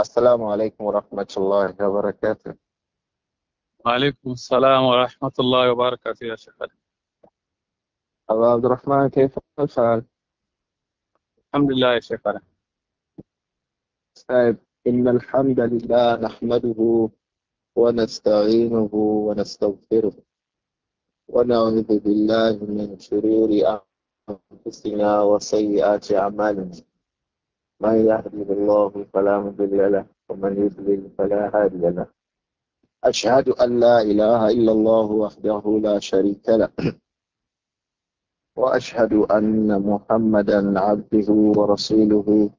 السلام عليكم ورحمة الله وبركاته وعليكم السلام ورحمة الله وبركاته يا شيخ أبو عبد الرحمن كيف الحال؟ الحمد لله يا شيخ طيب إن الحمد لله نحمده ونستعينه ونستغفره ونعوذ بالله من شرور أنفسنا وسيئات أعمالنا من يهده الله فلا مضل له ومن يضلل فلا هادي له أشهد أن لا إله إلا الله وحده لا شريك له وأشهد أن محمدا عبده ورسوله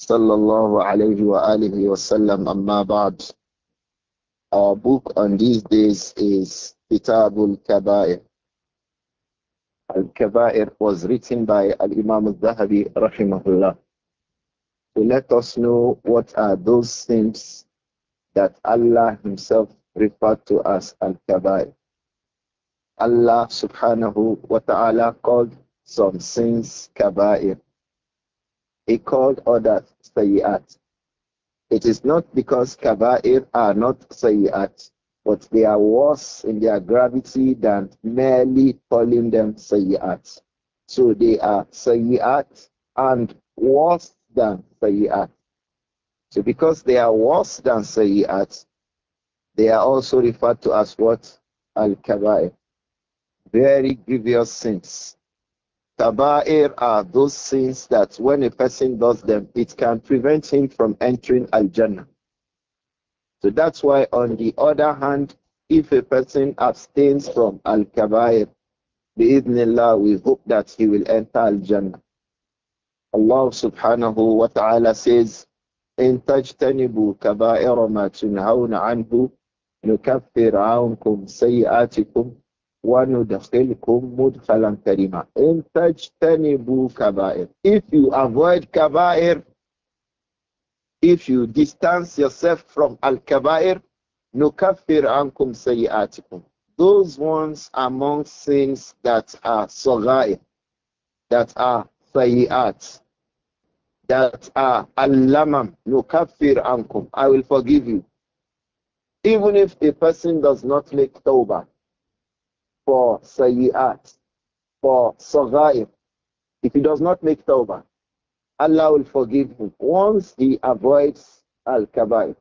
صلى الله عليه وآله وسلم أما بعد Our book on these days is Kitab al-Kabair. Al-Kabair was written by Al-Imam al-Zahabi rahimahullah to let us know what are those sins that Allah Himself referred to as al kabair Allah subhanahu wa ta'ala called some sins kabair. He called others sayyat. It is not because kabair are not sayyat, but they are worse in their gravity than merely calling them sayyat. So they are sayyat and worse than sayyat. So because they are worse than sayyat, they are also referred to as what? Al-kaba'ir. Very grievous sins. Kaba'ir are those sins that when a person does them, it can prevent him from entering Al-Jannah. So that's why on the other hand, if a person abstains from Al-Kaba'ir, bi-idhnillah, we hope that he will enter Al-Jannah. Allah subhanahu wa ta'ala says, إن تجتنبوا كبائر ما تنهون عنه نكفر عنكم سيئاتكم وندخلكم مدخلا كريما إن تجتنبوا كبائر If you avoid kabair, If you distance yourself from al-kabair نكفر عنكم سيئاتكم Those ones among sins that are صغائر that are sayyat that are allamam kafir ankum. I will forgive you. Even if a person does not make tawbah for sayyat, for sagair, if he does not make tawbah, Allah will forgive him once he avoids al-kabair.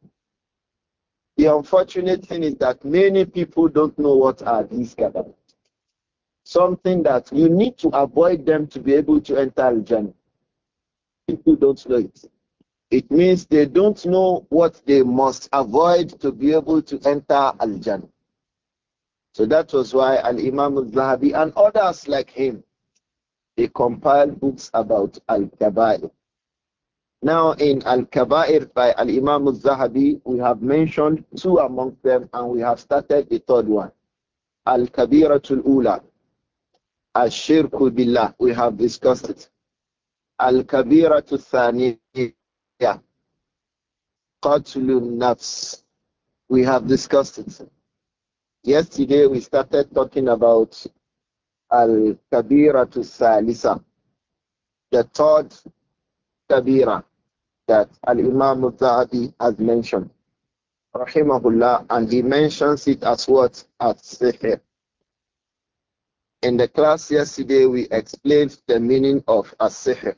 The unfortunate thing is that many people don't know what are these kabair. Something that you need to avoid them to be able to enter al-jannah people don't know it. It means they don't know what they must avoid to be able to enter Al Jannah. So that was why Al Imam Al Zahabi and others like him they compiled books about Al Kabair. Now, in Al Kabair by Al Imam Al Zahabi, we have mentioned two among them and we have started the third one Al Kabiratul Ula, Al Shirku Billah. We have discussed it. Al-Kabira to Thaniya. Qatlun Nafs. We have discussed it. Yesterday we started talking about Al-Kabira to Salisa. The third Kabira that Al-Imam al-Zahabi has mentioned. Rahimahullah, and he mentions it as what? As Sihr. In the class yesterday, we explained the meaning of As-Sihr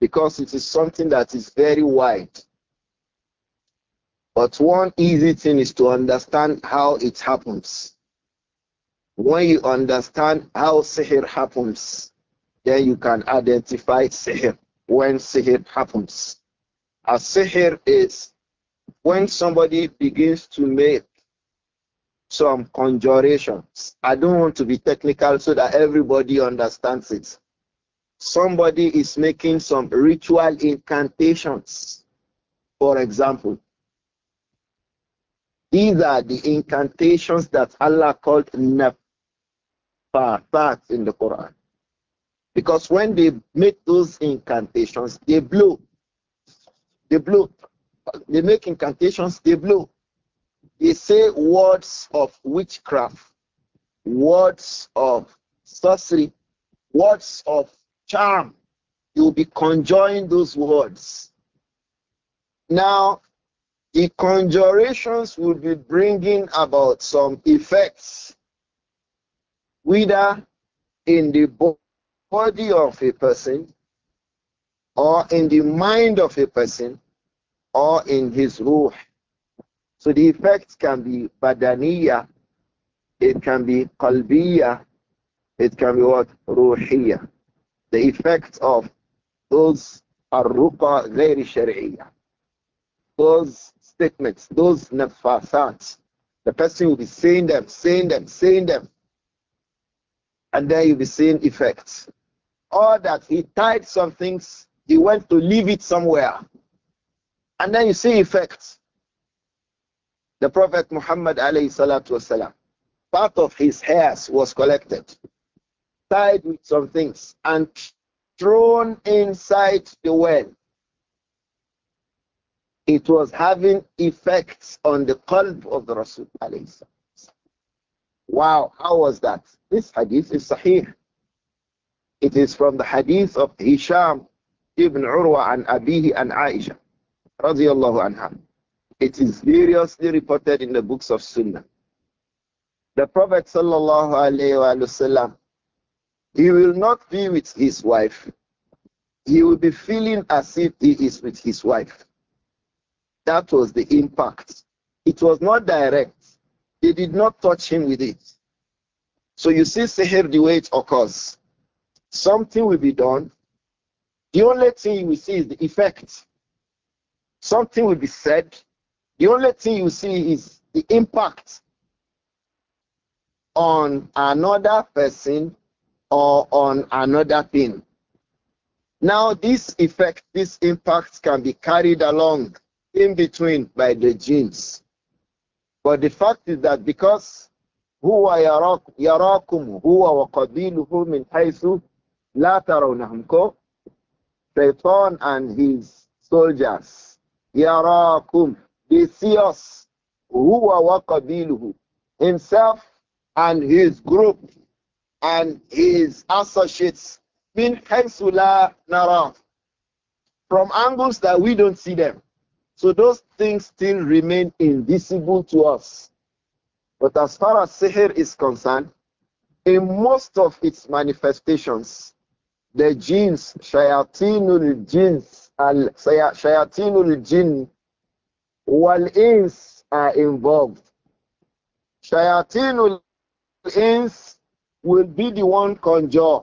because it is something that is very wide. But one easy thing is to understand how it happens. When you understand how sihr happens, then you can identify sihr when sihr happens. A sihr is when somebody begins to make some conjurations. I don't want to be technical so that everybody understands it. Somebody is making some ritual incantations, for example. These are the incantations that Allah called nafatat in the Quran. Because when they make those incantations, they blow. They blow. They make incantations, they blow. They say words of witchcraft, words of sorcery, words of charm. You'll be conjuring those words. Now, the conjurations will be bringing about some effects, whether in the body of a person, or in the mind of a person, or in his ruh. So the effects can be badaniya, it can be qalbiya, it can be what? Ruhiya the effects of those arruqa ghairi شرعية those statements, those nafasats. The person will be saying them, saying them, saying them. And then you'll be seeing effects. Or that he tied some things, he went to leave it somewhere. And then you see effects. The Prophet Muhammad part of his hairs was collected tied with some things and thrown inside the well. It was having effects on the qalb of the Rasul. Wow, how was that? This hadith is sahih. It is from the hadith of Hisham ibn Urwa and Abihi and Aisha. anha. It is variously reported in the books of Sunnah. The Prophet sallallahu alayhi wa sallam he will not be with his wife. He will be feeling as if he is with his wife. That was the impact. It was not direct. They did not touch him with it. So you see, Sahib, the way it occurs. Something will be done. The only thing you will see is the effect. Something will be said. The only thing you see is the impact on another person or on another thing. Now, this effect, this impact can be carried along in between by the genes. But the fact is that because هو يراك يراكم هو وقبيله من حيث لا ترونهم Satan and his soldiers يراكم they see us هو وقبيله himself and his group and his associates min hemsula nara from angles that we don't see them. So those things still remain invisible to us. But as far as sihr is concerned, in most of its manifestations, the jinns, shayatinul jinns, al shayatinul jinn, wal ins are involved. Shayatinul ins will be the one conjure.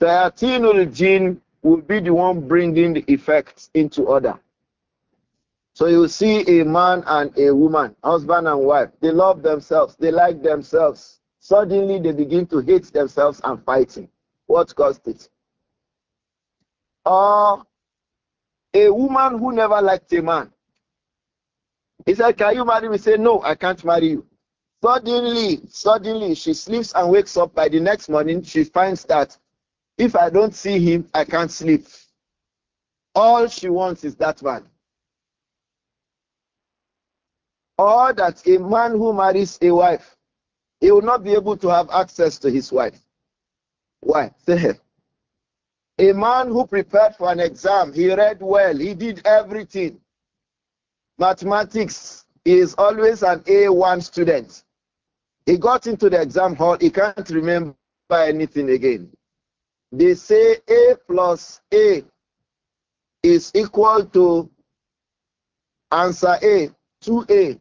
Shayatinul jinn will be the one bringing the effects into order. So you see a man and a woman, husband and wife, they love themselves, they like themselves. Suddenly they begin to hate themselves and fighting. What caused it? Or a woman who never liked a man. He said, Can you marry me? Say, No, I can't marry you. Suddenly, suddenly, she sleeps and wakes up. By the next morning, she finds that if I don't see him, I can't sleep. All she wants is that man. Or that a man who marries a wife, he will not be able to have access to his wife. Why? A man who prepared for an exam, he read well, he did everything. Mathematics is always an A1 student. He got into the exam hall, he can't remember anything again. They say A plus A is equal to answer A, 2A.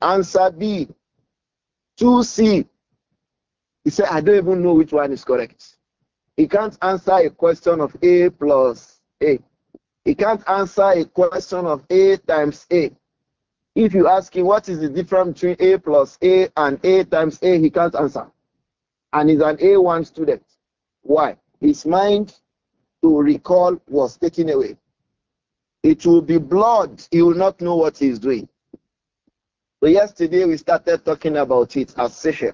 Answer B, 2C. He said, I don't even know which one is correct. He can't answer a question of A plus A. He can't answer a question of A times A. If you ask him what is the difference between A plus A and A times A, he can't answer. And he's an A1 student. Why? His mind to recall was taken away. It will be blood. He will not know what he's doing. So yesterday we started talking about it as session.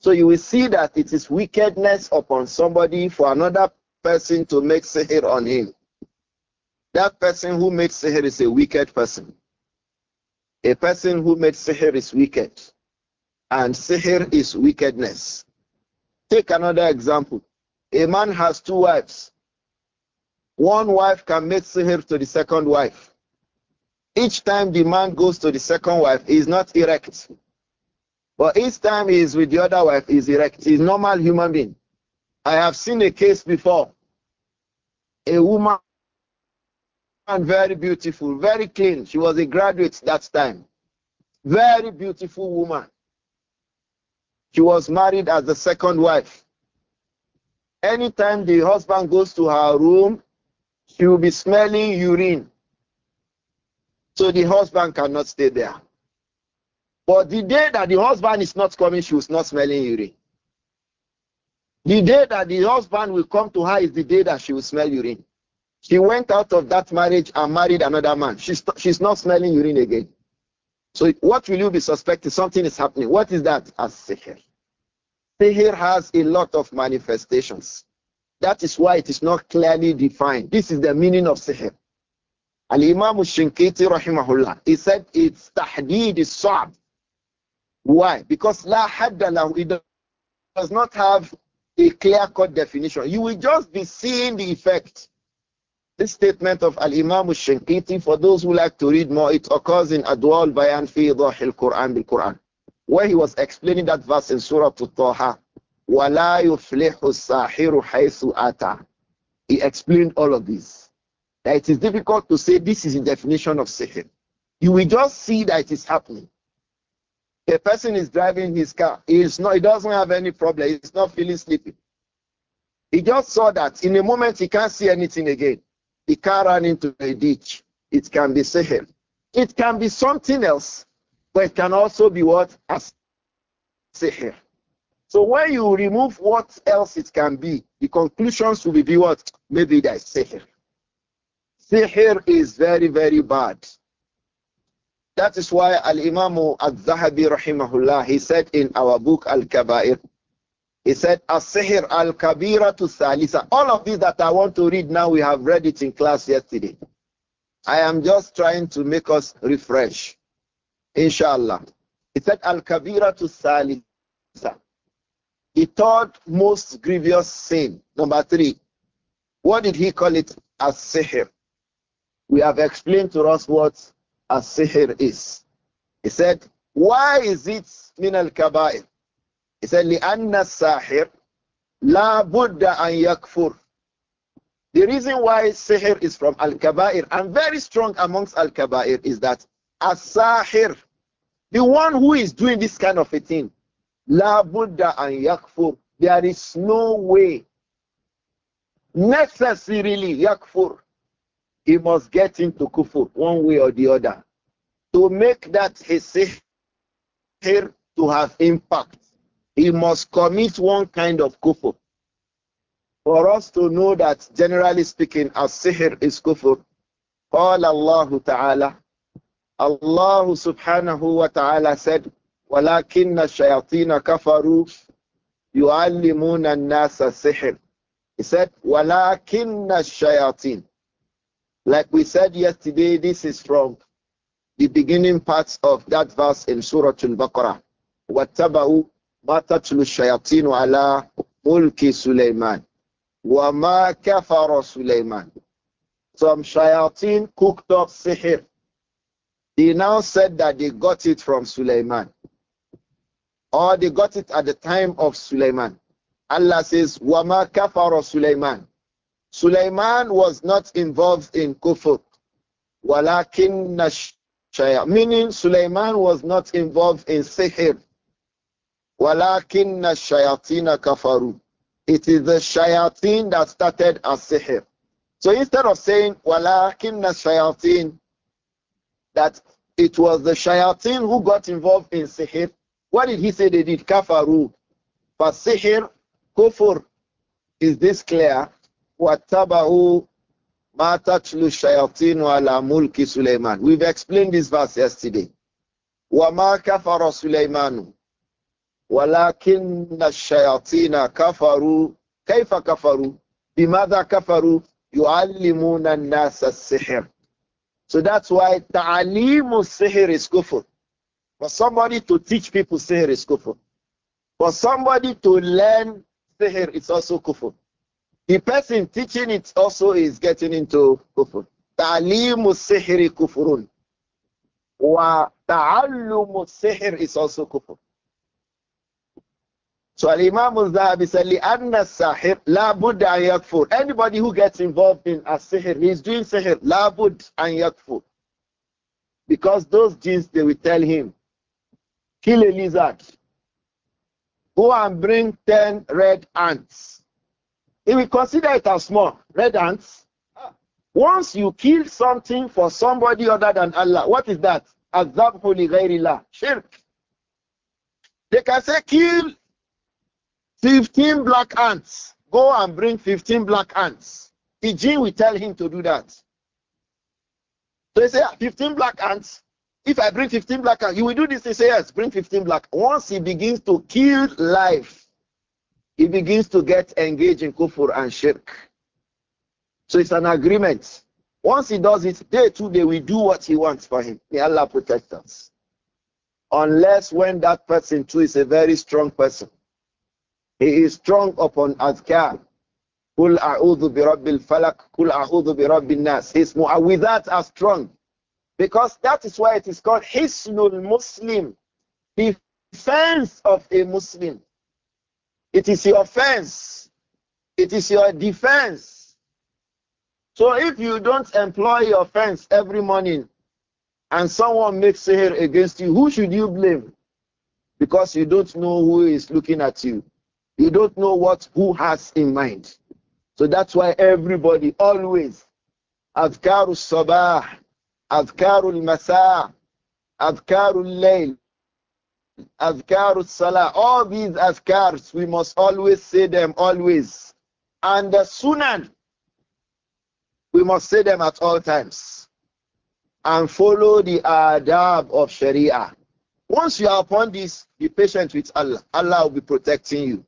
So you will see that it is wickedness upon somebody for another person to make sihir on him. That person who makes sihir is a wicked person. A person who made sihr is wicked, and sihr is wickedness. Take another example. A man has two wives. One wife can make sihr to the second wife. Each time the man goes to the second wife, he is not erect. But each time he is with the other wife, he is erect. He is normal human being. I have seen a case before. A woman and very beautiful, very clean. She was a graduate that time. Very beautiful woman. She was married as the second wife. Anytime the husband goes to her room, she will be smelling urine. So the husband cannot stay there. But the day that the husband is not coming, she was not smelling urine. The day that the husband will come to her is the day that she will smell urine. She went out of that marriage and married another man. She's, she's not smelling urine again. So what will you be suspecting? Something is happening. What is that? As sihr. Sihr has a lot of manifestations. That is why it is not clearly defined. This is the meaning of sihr. Al-Imam Shinkiti rahimahullah, he said it's tahdid is sab. Why? Because la haddalahu, does not have a clear-cut definition. You will just be seeing the effect. This statement of Al-Imam al-Shinkiti, for those who like to read more, it occurs in Adwal Bayan fi al Quran bil-Quran, where he was explaining that verse in Surah At-Taha, وَلَا يُفْلِحُ السَّاحِرُ حَيْثُ أَتَى He explained all of this. That it is difficult to say this is the definition of sihr. You will just see that it is happening. A person is driving his car. He is not. He doesn't have any problem. He's not feeling sleepy. He just saw that in a moment he can't see anything again. The car ran into a ditch. It can be sehel. It can be something else, but it can also be what? As sehel. So when you remove what else it can be, the conclusions will be what? Maybe there is sehel. Sehel is very, very bad. That is why Al-Imam Al-Zahabi rahimahullah, he said in our book Al-Kaba'ir, he said, As-Sihir al-Kabira to Salisa. All of these that I want to read now, we have read it in class yesterday. I am just trying to make us refresh. Inshallah. He said, Al-Kabira to Salisa. The third most grievous sin. Number three. What did he call it? As-Sihir. We have explained to us what As-Sihir is. He said, Why is it min al-Kabair? He said, Li'anna sahir, la Buddha an yakfur." The reason why sahir is from Al-Kaba'ir and very strong amongst Al-Kaba'ir is that As-Sahir, the one who is doing this kind of a thing, La Buddha and Yakfur, there is no way necessarily Yakfur, he must get into Kufur one way or the other to make that his sihr to have impact he must commit one kind of kufr. For us to know that, generally speaking, as sihr is kufr, قال الله تعالى Allah subhanahu wa ta'ala said, وَلَكِنَّ الشَّيَاطِينَ كَفَرُوا يُعَلِّمُونَ النَّاسَ السِّحْرِ He said, وَلَكِنَّ الشَّيَاطِينَ Like we said yesterday, this is from the beginning parts of that verse in Surah Al-Baqarah. وَاتَّبَعُوا matatlu shayatinu ala mulki Sulaiman. Wama kafara Sulaiman. Some shayatin cooked up sihr. They now said that they got it from Suleiman. Or they got it at the time of Suleiman. Allah says, Wama kafara Sulaiman. Suleiman was not involved in kufr. Walakin meaning Suleiman was not involved in sihr. وَلَكِنَّ الشَّيَاطِينَ كَفَرُوا It is the shayateen that started as sihir So instead of saying وَلَكِنَّ الشَّيَاطِينَ that it was the shayateen who got involved in sihir, what did he say they did? Kafaru. But sihir kufur. Is this clear? وَاتَّبَعُوا مَا تَتْلُ الشَّيَاطِينُ عَلَى مُلْكِ سُلَيْمَانَ We've explained this verse yesterday. وَمَا كَفَرَ سُلَيْمَانُ وَلَكِنَّ الشَّيَاطِينَ كَفَرُوا كَيْفَ كَفَرُوا بِمَاذَا كَفَرُوا يُعَلِّمُونَ النَّاسَ السِّحْرَ So that's why ta'alim sihr is kufr. For somebody to teach people sihr is kufr. For somebody to learn sihr is also kufr. The person teaching it also is getting into kufr. تعليم السحر كفر وتعلم السحر is also كفر so Al Imam al Zahabi said, لِأَنَّ السَّحِرْ لَا بُدَّ أَن يَكْفُرْ Anybody who gets involved in a sihr, he's doing sihr, لَا بُدَّ أَن يَكْفُرْ Because those jinns, they will tell him, kill a lizard, go and bring 10 red ants. He will consider it as small, red ants. Once you kill something for somebody other than Allah, what is that? Azabhu li shirk. They can say, kill 15 black ants. Go and bring 15 black ants. The jinn will tell him to do that. So he say, ah, 15 black ants. If I bring 15 black ants, you will do this. He say, yes, bring 15 black. Once he begins to kill life, he begins to get engaged in kufur and shirk. So it's an agreement. Once he does it, day two day, we do what he wants for him. May Allah protect us. Unless when that person too is a very strong person. He is strong upon adhkar. Kul a'udhu bi rabbil falak, kul a'udhu bi rabbin nas. His mu'awidat are strong. Because that is why it is called hisnul muslim. The defense of a Muslim. It is your offense. It is your defense. So if you don't employ your offense every morning and someone makes hair against you, who should you blame? Because you don't know who is looking at you. You don't know what who has in mind. So that's why everybody always Karu Masah, as Karu أذكار as Karu Salah, all these أذكars we must always say them always and the sunan we must say them at all times and follow the adab of sharia once you are upon this be patient with Allah Allah will be protecting you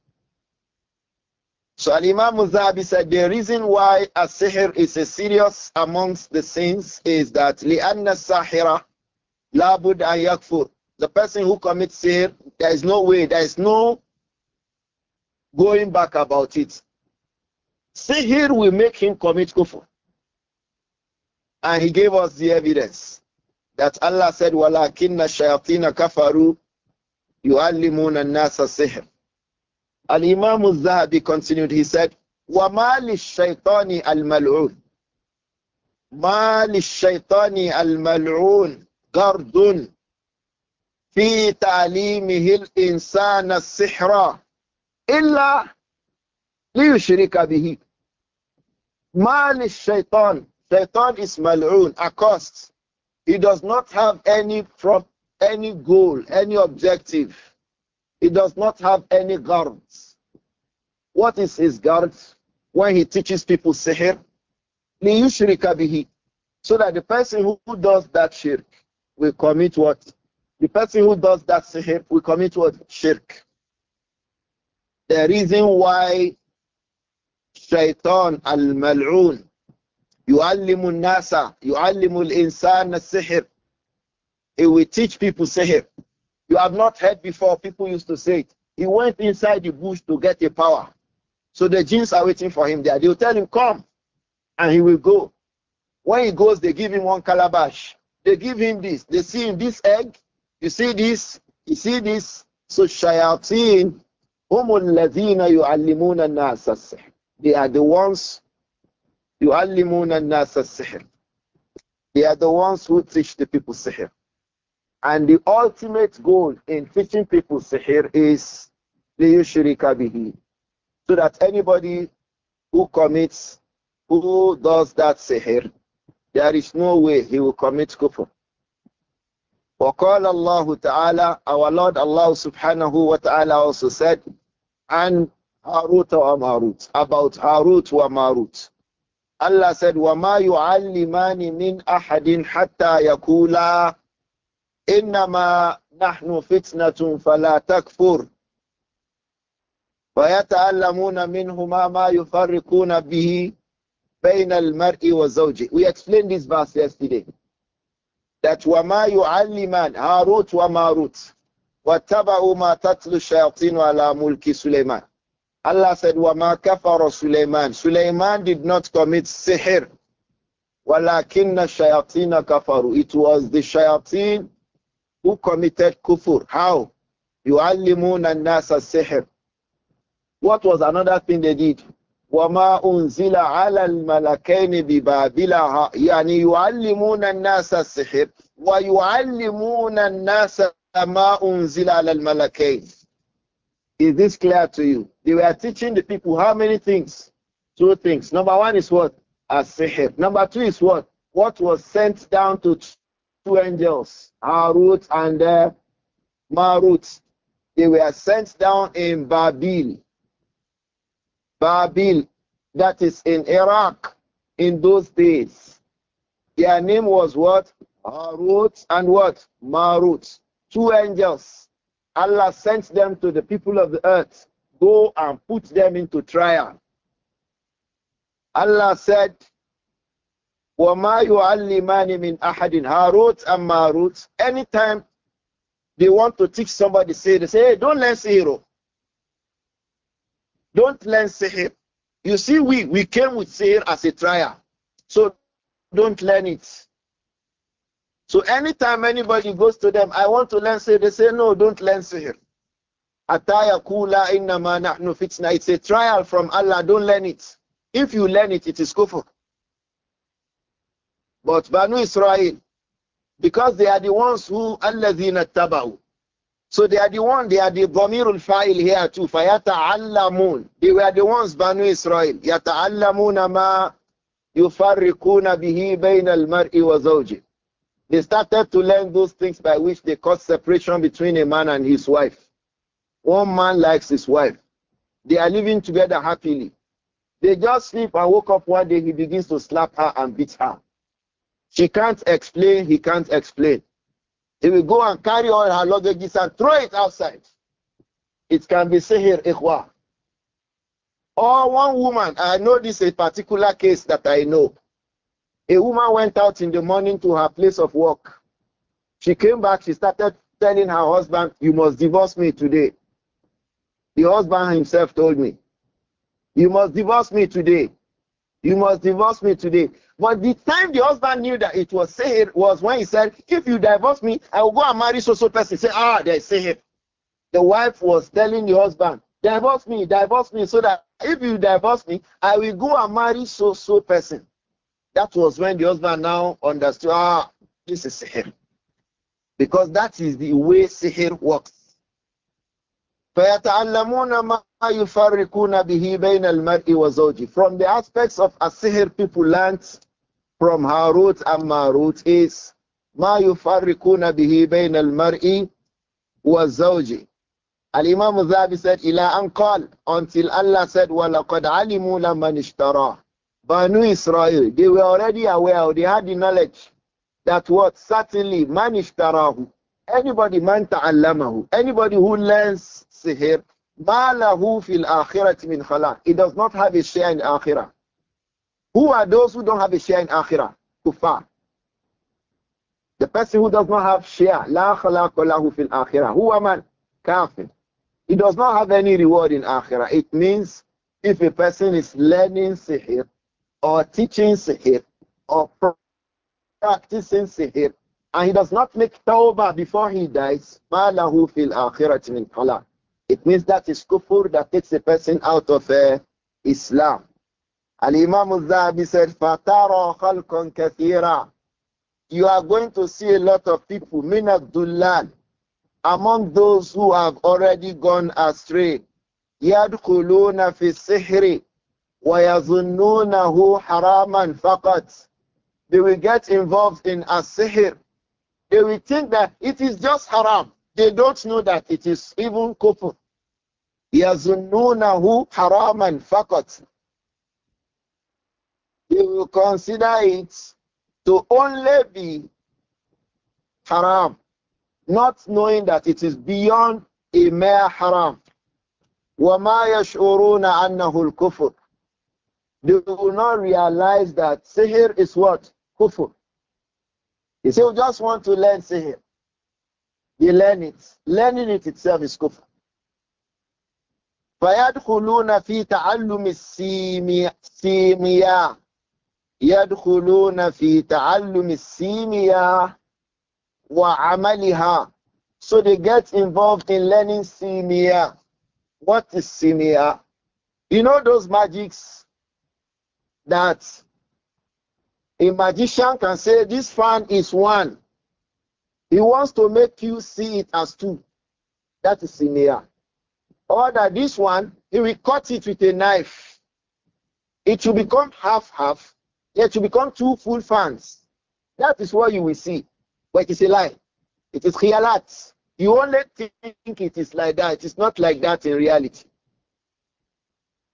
so Al-Imam Muzabi said the reason why as-sihr is a serious amongst the sins is that لِأَنَّ an لَا labud أَنْ يَكْفُرْ The person who commits sihr, there is no way, there is no going back about it. Sihr will make him commit kufr. And he gave us the evidence that Allah said, وَلَكِنَّ الشَّيَاطِينَ كَفَرُوا يُعَلِّمُونَ النَّاسَ السِّحْرَ Al Imam al Zahabi continued, he said, وَمَا لِلشَّيْطَانِ الْمَلْعُونِ مَا لِلشَّيْطَانِ الْمَلْعُونِ غَرْضٌ في تعليمه الإنسان السحر إلا ليشرك به ما للشيطان Shaitan is mal'oon, accursed. He does not have any prop, any goal, any objective. He does not have any guards." What is his guard when he teaches people sihr? Liyushrika bihi. So that the person who, does that shirk will commit what? The person who does that sihr will commit what? Shirk. The reason why Shaitan al-mal'un يعلم الناس يعلم insan السحر he will teach people sihr. You have not heard before, people used to say it. He went inside the bush to get a power. So the jinns are waiting for him there. They will tell him, Come, and he will go. When he goes, they give him one calabash. They give him this. They see him this egg. You see this. You see this. So shayateen, humul ladina yu'allimuna nas They are the ones yu'allimuna nas sihr. They are the ones who teach the people sihr. And the ultimate goal in teaching people sihr is liyushrika bihi so that anybody who commits, who does that sihir, there is no way he will commit kufr. وقال الله تعالى our Lord Allah subhanahu wa ta'ala also said عن هاروت وماروت about هاروت وماروت Allah said وما يعلمان من أحد حتى يقولا إنما نحن فتنة فلا تكفر وَيَتَعَلَّمُونَ مِنْهُمَا مَا يُفَرِّقُونَ بِهِ بَيْنَ الْمَرْءِ وَزَوْجِهِ We explained this verse yesterday. That وَمَا يُعَلِّمَانِ هَارُوتْ وَمَارُوتْ وَاتَّبَعُوا مَا تَتْلُ الشَّيَاطِينُ عَلَى مُلْكِ سُلَيْمَانِ Allah said, وَمَا كَفَرَ Sulaiman. Sulaiman did not commit sihr. وَلَكِنَّ الشَّيَاطِينَ كَفَرُوا It was the shayateen who committed kufur. How? يُعَلِّمُونَ النَّاسَ السِّحْرَ what was another thing they did? وما أنزل على الملكين ببابل يعني يعلمون الناس السحر ويعلمون الناس ما أنزل على الملكين Is this clear to you? They were teaching the people how many things? Two things. Number one is what? As-sihir. Number two is what? What was sent down to two angels, Harut and uh, Marut. They were sent down in Babel. Babil, that is in Iraq in those days. Their name was what? Harut and what? Marut. Two angels. Allah sent them to the people of the earth. Go and put them into trial. Allah said, وَمَا يُعَلِّمَانِ مِنْ أَحَدٍ Harut and Marut. Anytime they want to teach somebody, say, they say, hey, don't learn Sihiro. Don't learn sihr. You see, we, we came with sihr as a trial. So don't learn it. So anytime anybody goes to them, I want to learn sihr, they say, no, don't learn sihr. It's a trial from Allah. Don't learn it. If you learn it, it is kufr. But Banu Israel, because they are the ones who alladhina tabau, so they are the one, they are the Dhamirul Fa'il here too. Allamun. They were the ones, Banu Israel. Yata'allamuna ma yufarrikuna bihi bain al-mar'i wa zawji. They started to learn those things by which they cause separation between a man and his wife. One man likes his wife. They are living together happily. They just sleep and woke up one day, he begins to slap her and beat her. She can't explain, he can't explain. He will go and carry all her luggage and throw it outside. It can be seen ikhwa. Or oh, one woman, I know this a particular case that I know. A woman went out in the morning to her place of work. She came back, she started telling her husband, You must divorce me today. The husband himself told me, You must divorce me today. You must divorce me today. But the time the husband knew that it was sihir was when he said, If you divorce me, I will go and marry so so person. Say, Ah, there is sihir. The wife was telling the husband, Divorce me, divorce me, so that if you divorce me, I will go and marry so so person. That was when the husband now understood, Ah, this is sihir. Because that is the way sihir works. From the aspects of a sihir, people learned from her root and my root is ما يفرقون به بين المرء والزوج الإمام الذهبي said إلى أن قال until Allah said وَلَقَدْ عَلِمُوا لَمَنْ اشْتَرَاهُ Banu Israel they were already aware they had the knowledge that what certainly man ishtarahu anybody man ta'allamahu anybody who learns sihr ma lahu fil akhirati min khalaq he does not have a share in akhirah who are those who don't have a share in Akhirah? Kuffar. The person who does not have share, la khalaqalahu fil akhirah. Who am I? Kafir. He does not have any reward in akhirah. It means if a person is learning sihr or teaching sihr or practicing sihr and he does not make tawbah before he dies, ma lahu fil Akhirah. min It means that is kufur that takes a person out of uh, Islam. And Imam al-Zahabi said, فَتَارَ خَلْقًا كَثِيرًا You are going to see a lot of people, min abdullah, among those who have already gone astray. يَدْخُلُونَ فِي السِّحْرِ وَيَظُنُّونَهُ حَرَامًا فَقَطْ They will get involved in as-sihr. They will think that it is just haram. They don't know that it is even kufr. يَظُنُّونَهُ حَرَامًا فَقَطْ you will consider it to only be haram, not knowing that it is beyond a mere haram. وَمَا يَشْعُرُونَ أَنَّهُ الْكُفُرُ They will not realize that sihir is what? Kufur. You say, we just want to learn sihir. They learn it. Learning it itself is kufur. فَيَدْخُلُونَ فِي تَعَلُّمِ السِّيمِيَةِ يدخلون في تعلم السيمية وعملها so they get involved in learning simia what is simia you know those magics that a magician can say this fan is one he wants to make you see it as two that is simia or that this one he will cut it with a knife it will become half half Yet you become two full fans. That is what you will see. But it is a lie. It is khiyalat. You only think it is like that. It is not like that in reality.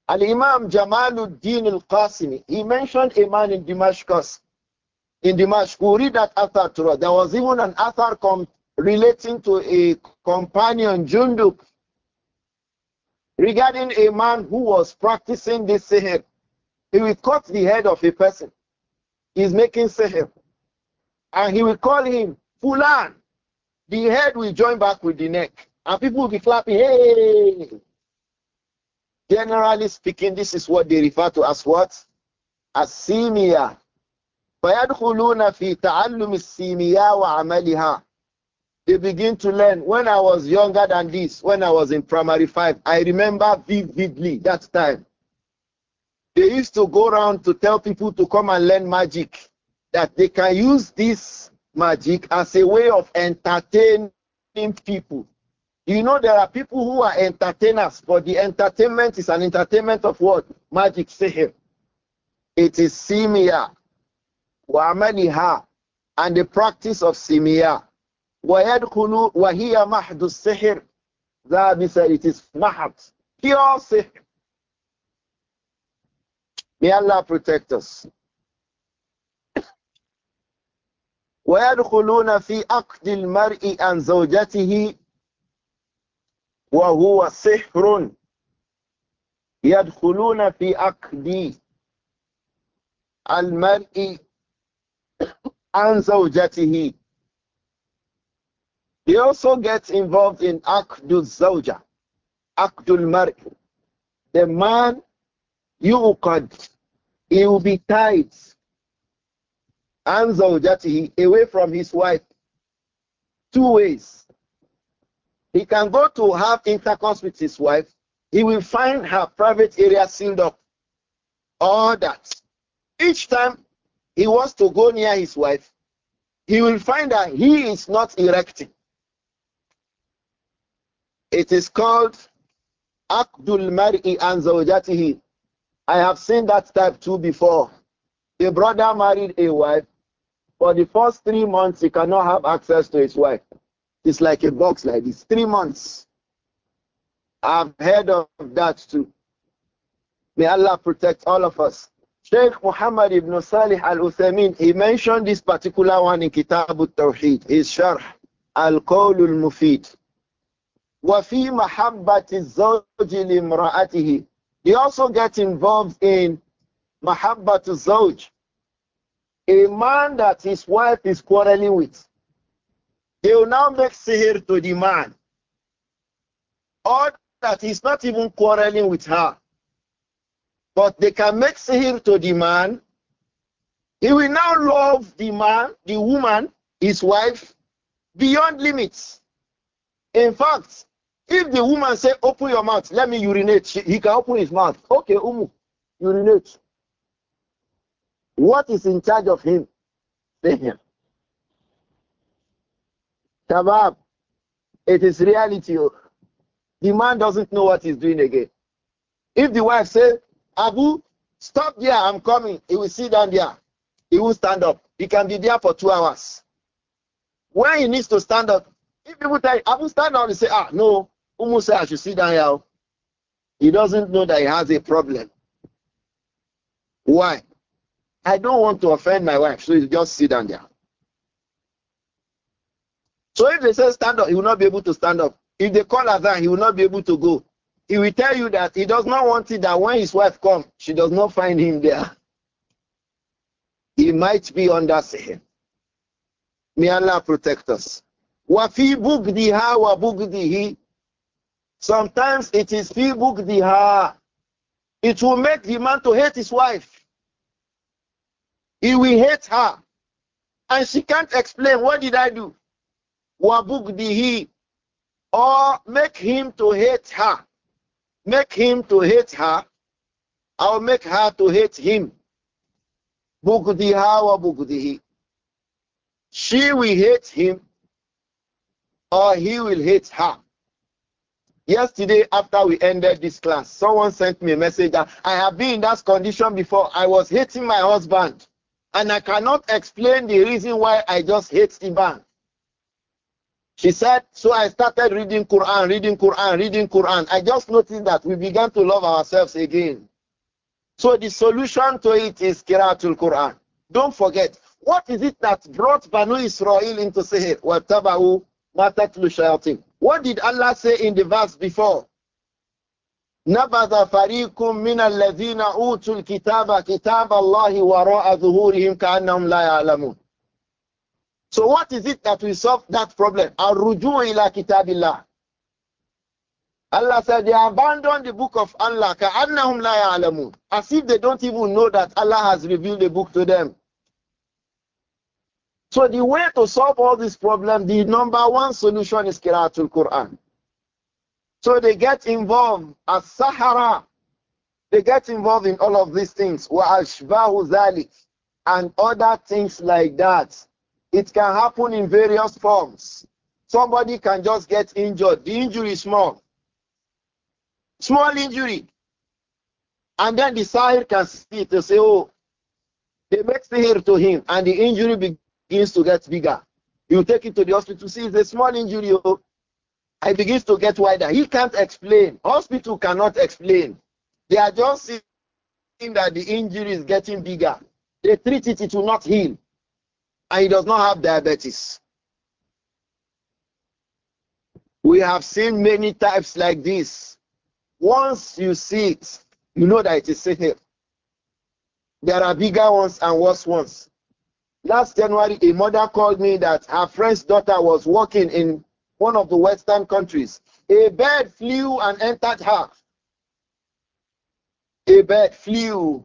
Al Imam Jamaluddin al Qasimi, he mentioned a man in Damascus. In Damascus, we read that Athar Torah. There was even an Athar relating to a companion, Junduk, regarding a man who was practicing this sihr. He will cut the head of a person. He's making sihr. And he will call him Fulan. The head will join back with the neck. And people will be clapping, hey. Generally speaking, this is what they refer to as what? As simia. فيدخلون في تعلم السيمياء وعملها they begin to learn. When I was younger than this, when I was in primary five, I remember vividly that time. They used to go around to tell people to come and learn magic, that they can use this magic as a way of entertaining people. You know, there are people who are entertainers, but the entertainment is an entertainment of what? Magic Say here It is simia. Wa'amaliha. And the practice of simia. wa وَهِيَ That means it is mahat. Pure sihr. May Allah protect us. ويدخلون في عقد المرء عن زوجته وهو سحر يدخلون في عقد المرء عن زوجته They also get involved in عقد الزوجة عقد المرء The man cut, he will be tied Anzawjatihi away from his wife. Two ways. He can go to have intercourse with his wife. He will find her private area sealed up. All that. Each time he wants to go near his wife, he will find that he is not erecting. It is called Akdul Mar'i Anzawjatihi. I have seen that type too before. A brother married a wife. For the first three months, he cannot have access to his wife. It's like a box like this. Three months. I've heard of that too. May Allah protect all of us. Sheikh Muhammad ibn Salih al Uthaymeen, he mentioned this particular one in Kitab al Tawheed, his Sharh al Qawl al Mufid. وفي محبة الزوج لامرأته he also gets involved in mahabbatu zawj, a man that his wife is quarreling with. They will now make sihir to the man, or that he's not even quarreling with her. But they can make sihir to the man. He will now love the man, the woman, his wife, beyond limits. In fact, if the woman say, open your mouth, let me urinate, she, he can open his mouth. Okay, Umu, urinate. What is in charge of him? Say him. Tabab, it is reality. Oh. The man doesn't know what he's doing again. If the wife say, Abu, stop there, I'm coming, he will sit down there. He will stand up. He can be there for two hours. When he needs to stand up, if people tell you, Abu, stand up, he say, ah, no, Umu say I should sit down here. He doesn't know that he has a problem. Why? I don't want to offend my wife, so he just sit down there. So if they say stand up, he will not be able to stand up. If they call that, he will not be able to go. He will tell you that he does not want it that when his wife comes, she does not find him there. He might be under sin. May Allah protect us. wa بُغْدِهَا وَبُغْدِهِ Sometimes it is fi Diha. It will make the man to hate his wife. He will hate her. And she can't explain, what did I do? Wa bugdihi. Or make him to hate her. Make him to hate her. I'll make her to hate him. Bugdiha wa bugdihi. She will hate him or he will hate her. Yesterday, after we ended this class, someone sent me a message that I have been in that condition before. I was hating my husband, and I cannot explain the reason why I just hate the man. She said, So I started reading Quran, reading Quran, reading Quran. I just noticed that we began to love ourselves again. So the solution to it is Kiratul Quran. Don't forget, what is it that brought Banu Israel into Sihir? What did Allah say in the verse before? نبذ فريق من الذين أوتوا الكتاب كتاب الله وراء ظهورهم كأنهم لا يعلمون So what is it that will solve that problem? الرجوع إلى كتاب الله Allah said they abandon the book of Allah كأنهم لا يعلمون As if they don't even know that Allah has revealed the book to them so the way to solve all these problems, the number one solution is Qira'atul Quran. So they get involved as Sahara. They get involved in all of these things. وَأَشْبَهُ And other things like that. It can happen in various forms. Somebody can just get injured. The injury is small. Small injury. And then the sahir can see it and say, oh, they make sihir to him and the injury begins to get bigger. You take him to the hospital, see, it's a small injury. I oh. begins to get wider. He can't explain. Hospital cannot explain. They are just seeing that the injury is getting bigger. They treat it, it will not heal. And he does not have diabetes. We have seen many types like this. Once you see it, you know that it is safe. There are bigger ones and worse ones. Last January, a mother called me that her friend's daughter was working in one of the Western countries. A bird flew and entered her. A bird flew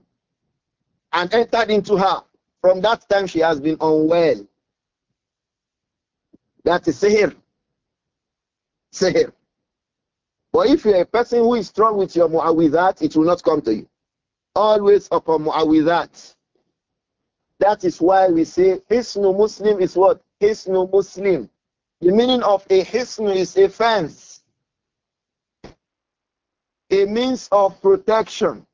and entered into her. From that time, she has been unwell. That is sihir. Sihir. But if you're a person who is strong with your muawizat, it will not come to you. Always upon muawizat. That is why we say Hisnu Muslim is what? Hisnu Muslim. The meaning of a Hisnu is a fence, a means of protection.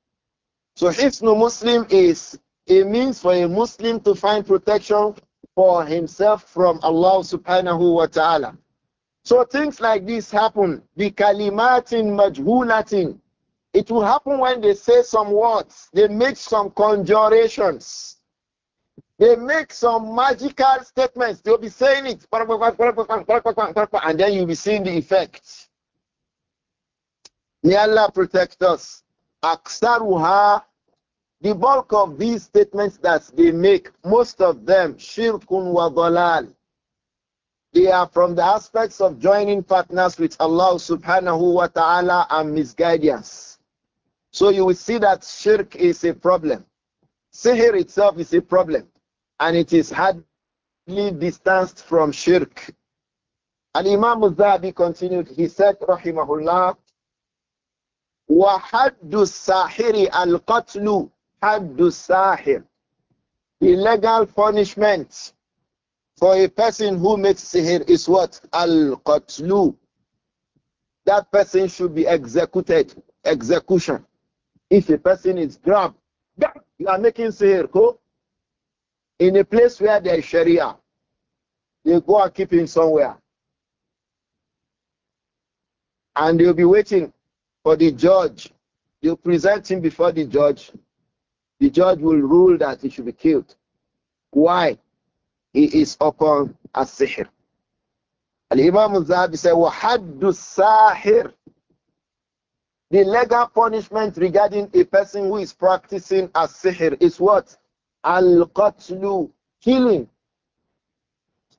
So Hisnu Muslim is a means for a Muslim to find protection for himself from Allah subhanahu wa ta'ala. So things like this happen. The kalimatin majhulatin. It will happen when they say some words, they make some conjurations. They make some magical statements. They'll be saying it, and then you'll be seeing the effects. May Allah protect us. Aksaruha, the bulk of these statements that they make, most of them, shirkun wa dalal. They are from the aspects of joining partners with Allah subhanahu wa ta'ala and misguidance. So you will see that shirk is a problem. Sihir itself is a problem and it is hardly distanced from shirk. And Imam Zabi continued, he said, Rahimahullah, وَحَدُّ sahir al qatlu السَّاحِرِ sahir. Illegal punishment for a person who makes sihir is what? Al-qatlu. That person should be executed. Execution. If a person is grabbed, you are making sihir, go in a place where there is Sharia, they go and keep him somewhere. And they'll be waiting for the judge. They'll present him before the judge. The judge will rule that he should be killed. Why? He is upon a sihr. Al-Imam al-Zahabi said, وَحَدُّ السَّاحِرِ The legal punishment regarding a person who is practicing a sihr is what? Al-Qatlu, killing.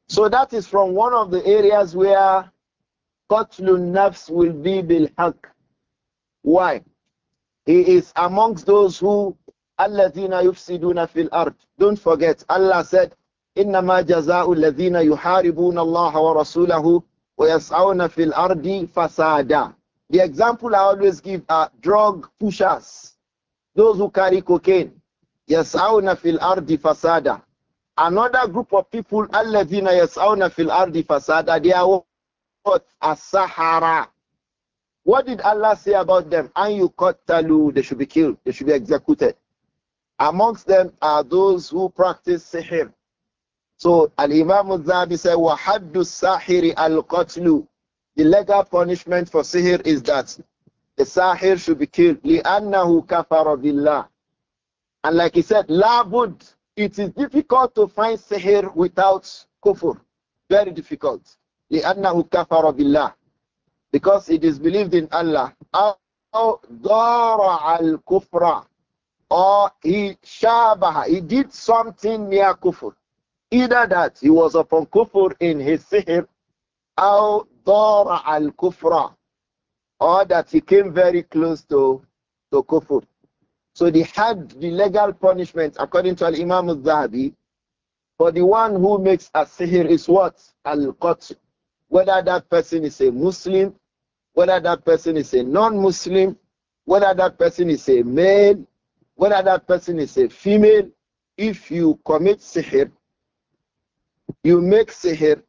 So that is from one of the areas where Qatlun Nafs will be bil-haq. Why? He is amongst those who alladhina yufsiduna fil ard. Don't forget, Allah said, Inna ma إنما جزاء Allah wa rasulahu wa yasa'una fil-ardi fasada. The example I always give are drug pushers, those who carry cocaine yas'auna fil ardi fasada. Another group of people, alladhina yas'auna fil ardi fasada, they are what? As-Sahara. What did Allah say about them? And you talu, they should be killed, they should be executed. Amongst them are those who practice sihr. So Al-Imam al-Zahabi said, وَحَدُّ al الْقَتْلُ The legal punishment for sihr is that the sahir should be killed. لِأَنَّهُ كَفَرَ بِاللَّهِ and like he said, labud, it is difficult to find seher without kufur. Very difficult. لأنه كفر بالله because it is believed in Allah. أو al kufra, or he shabaha, he did something near kufur. Either that he was upon kufur in his sihr, أو al kufra, or that he came very close to, to kufur. So they had the legal punishment, according to imam al-Zahabi, for the one who makes a sihr is what? Al-Qatr. Whether that person is a Muslim, whether that person is a non-Muslim, whether that person is a male, whether that person is a female, if you commit sehir, you make sehir.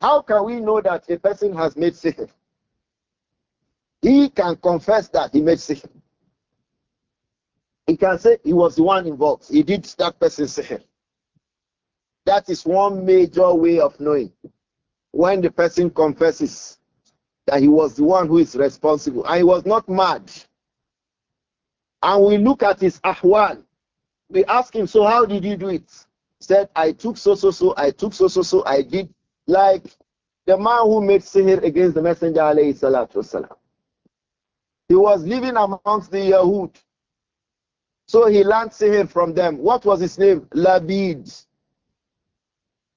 how can we know that a person has made sehir? He can confess that he made sehir can say he was the one involved. He did that person's sihr. That is one major way of knowing. When the person confesses that he was the one who is responsible and he was not mad. And we look at his ahwal. We ask him, so how did you do it? He said, I took so, so, so, I took so, so, so, I did like the man who made sihr against the messenger He was living amongst the Yahud. So he learned sihr from them. What was his name? Labid.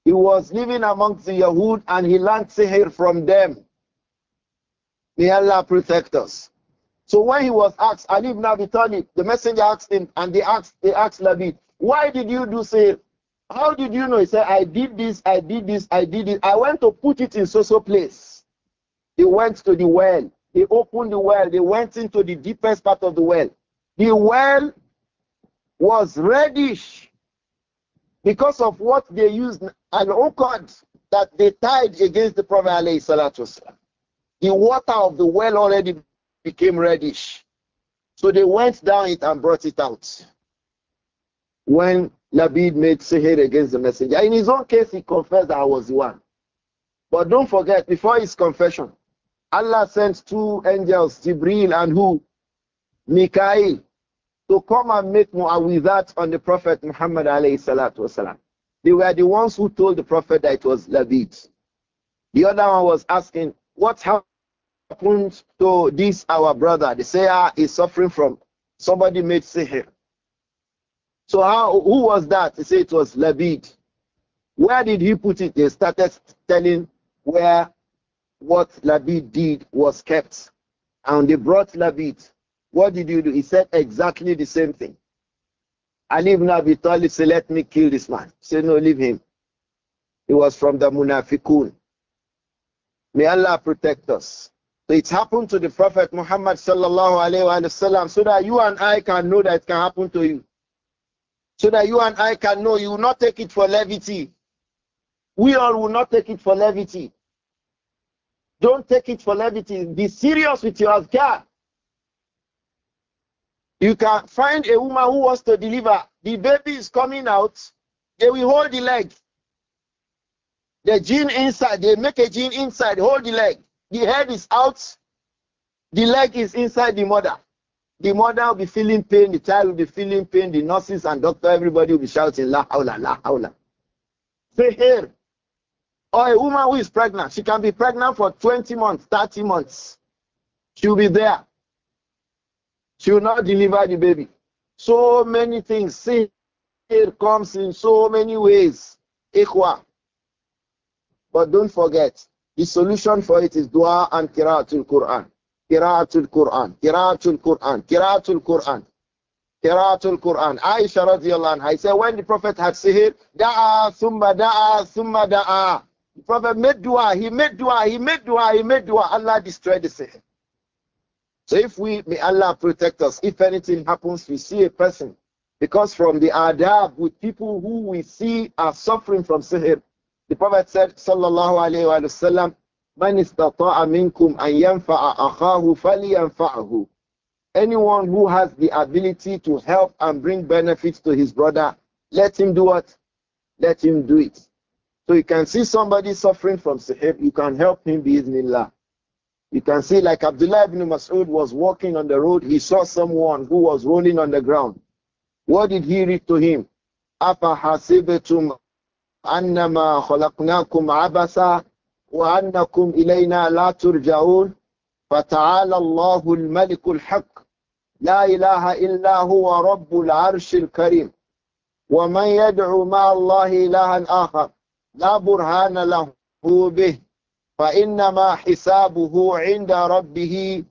He was living amongst the Yahud and he learned sihr from them. May Allah protect us. So when he was asked, Ali ibn Abi Talib, the messenger asked him, and they asked, they asked Labid, why did you do sihr? How did you know? He said, I did this, I did this, I did it. I went to put it in so-so place. They went to the well. They opened the well. They went into the deepest part of the well. The well was reddish because of what they used an uqad that they tied against the Prophet ﷺ. The water of the well already became reddish. So they went down it and brought it out. When Labid made sihir against the messenger, in his own case, he confessed I was the one. But don't forget, before his confession, Allah sent two angels, Jibril and who? Mikael to come and make mu'awizat on the Prophet Muhammad alayhi salatu wasalam. They were the ones who told the Prophet that it was Labid. The other one was asking, what happened to this our brother? The sayer ah, is suffering from somebody made sihr. So how, who was that? They said it was Labid. Where did he put it? They started telling where what Labid did was kept. And they brought Labid. What did you do? He said exactly the same thing. And ibn Abi Talib said, Let me kill this man. Say, No, leave him. He was from the Munafiqun. May Allah protect us. So it happened to the Prophet Muhammad sallallahu alayhi wa so that you and I can know that it can happen to you. So that you and I can know you will not take it for levity. We all will not take it for levity. Don't take it for levity. Be serious with your adhkar. You can find a woman who wants to deliver. The baby is coming out. They will hold the leg. The gene inside, they make a gene inside, hold the leg. The head is out. The leg is inside the mother. The mother will be feeling pain, the child will be feeling pain, the nurses and doctor, everybody will be shouting, La haula, la haula. Say here. Or a woman who is pregnant, she can be pregnant for 20 months, 30 months. She'll be there. She will not deliver the baby. So many things. Sin comes in so many ways. Ikhwa. But don't forget, the solution for it is dua and kiraatul Quran. Kiraatul Quran. Kiraatul Quran. Kiraatul Quran. Kiraatul Quran. Aisha radiallahu anha. He said, when the Prophet had sihir, da'a, thumma da'a, thumma da'a. The Prophet made dua, he made dua, he made dua, he made dua. Allah destroyed the sihir. So if we, may Allah protect us, if anything happens, we see a person. Because from the adab with people who we see are suffering from sihr, the Prophet said, Sallallahu Alaihi Wasallam, Man istata'a minkum an yanfa'a akhahu falyanfa'ahu. Anyone who has the ability to help and bring benefits to his brother, let him do what? Let him do it. So you can see somebody suffering from sahib, you can help him biiznillah. You can see, like Abdullah ibn Mas'ud was walking on the road, he saw someone who was rolling on the ground. What did he read to him? أَفَحَسِبْتُمْ أَنَّمَا خَلَقْنَاكُمْ عَبَثًا وَأَنَّكُمْ إِلَيْنَا لَا تُرْجَعُونَ فتعالى الله الملك الحق لا إله إلا هو رب العرش الكريم ومن يدعو مع الله إلها آخر لا برهان له به فإنما حسابه عند ربه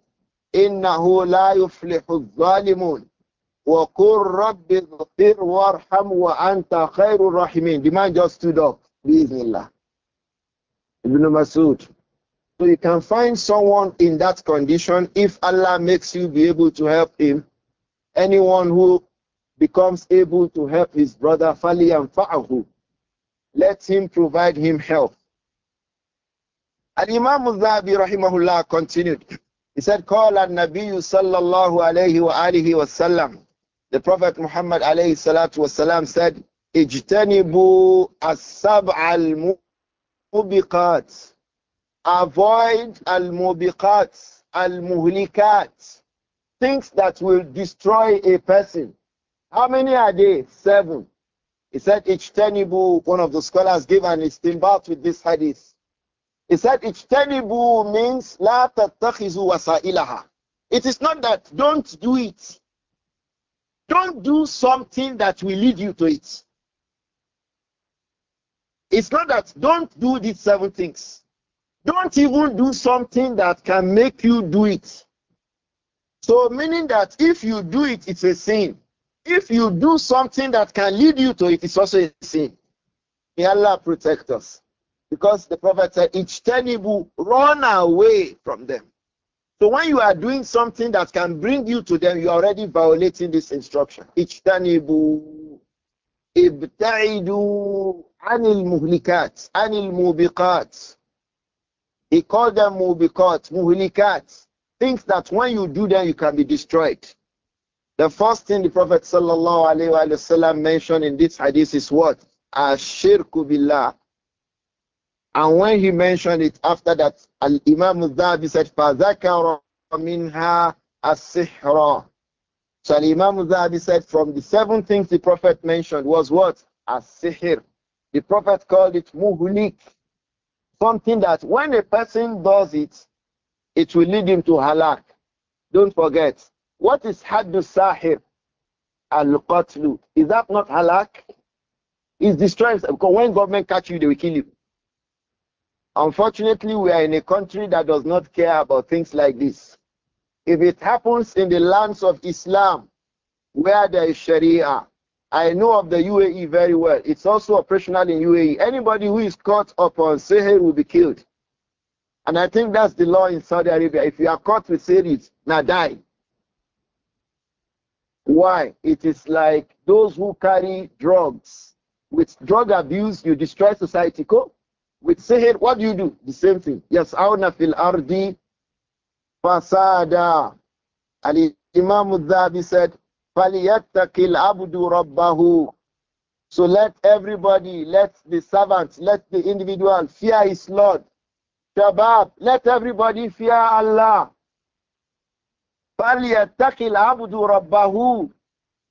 إنه لا يفلح الظالمون وقل رب اغفر وارحم وأنت خير الراحمين the man just stood up بإذن الله Ibn Masud so you can find someone in that condition if Allah makes you be able to help him anyone who becomes able to help his brother Fali let him provide him help and Imam Zahabi rahimahullah continued. He said, Call on Nabi sallallahu alayhi wa alihi wa sallam. The Prophet Muhammad alayhi salatu wa sallam said, Ijtanibu as-sab al-mubiqat. Avoid al-mubiqat, al-muhlikat. Things that will destroy a person. How many are they? Seven. He said, Ijtanibu, one of the scholars gave an istinbat with this hadith. He said, Ijtanibu means la tattakhizu wasailaha. It is not that don't do it. Don't do something that will lead you to it. It's not that don't do these seven things. Don't even do something that can make you do it. So, meaning that if you do it, it's a sin. If you do something that can lead you to it, it's also a sin. May Allah protect us. Because the Prophet said, It's terrible, run away from them. So when you are doing something that can bring you to them, you're already violating this instruction. Ijtanibu ibtaidu anil muhlikat, anil mubiqat. He called them mubiqat, muhlikat. Things that when you do them, you can be destroyed. The first thing the Prophet sallallahu alaihi wasallam mentioned in this hadith is what? Ashirku billah, and when he mentioned it after that, Al Imam Zahabi said, فَذَكَرَ مِنْهَا السِّحْرَ. So Al Imam Zahabi said, from the seven things the Prophet mentioned was what? as The Prophet called it muhlik. Something that when a person does it, it will lead him to halak. Don't forget. What is haddu sahir? Al-qatlu. Is that not halak? It's destroying. Because when government catch you, they will kill you. Unfortunately, we are in a country that does not care about things like this. If it happens in the lands of Islam, where there is Sharia, I know of the UAE very well. It's also operational in UAE. Anybody who is caught upon Seher will be killed. And I think that's the law in Saudi Arabia. If you are caught with Seher, now die. Why? It is like those who carry drugs. With drug abuse, you destroy society. Go. With sihr, what do you do? The same thing. Yes, Yas'auna fil ardi fasada. Ali Imam Dhabi said, فَلْيَتَّقِ Abu رَبَّهُ So let everybody, let the servant, let the individual fear his Lord. Shabab, let everybody fear Allah. فَلْيَتَّقِ Abu رَبَّهُ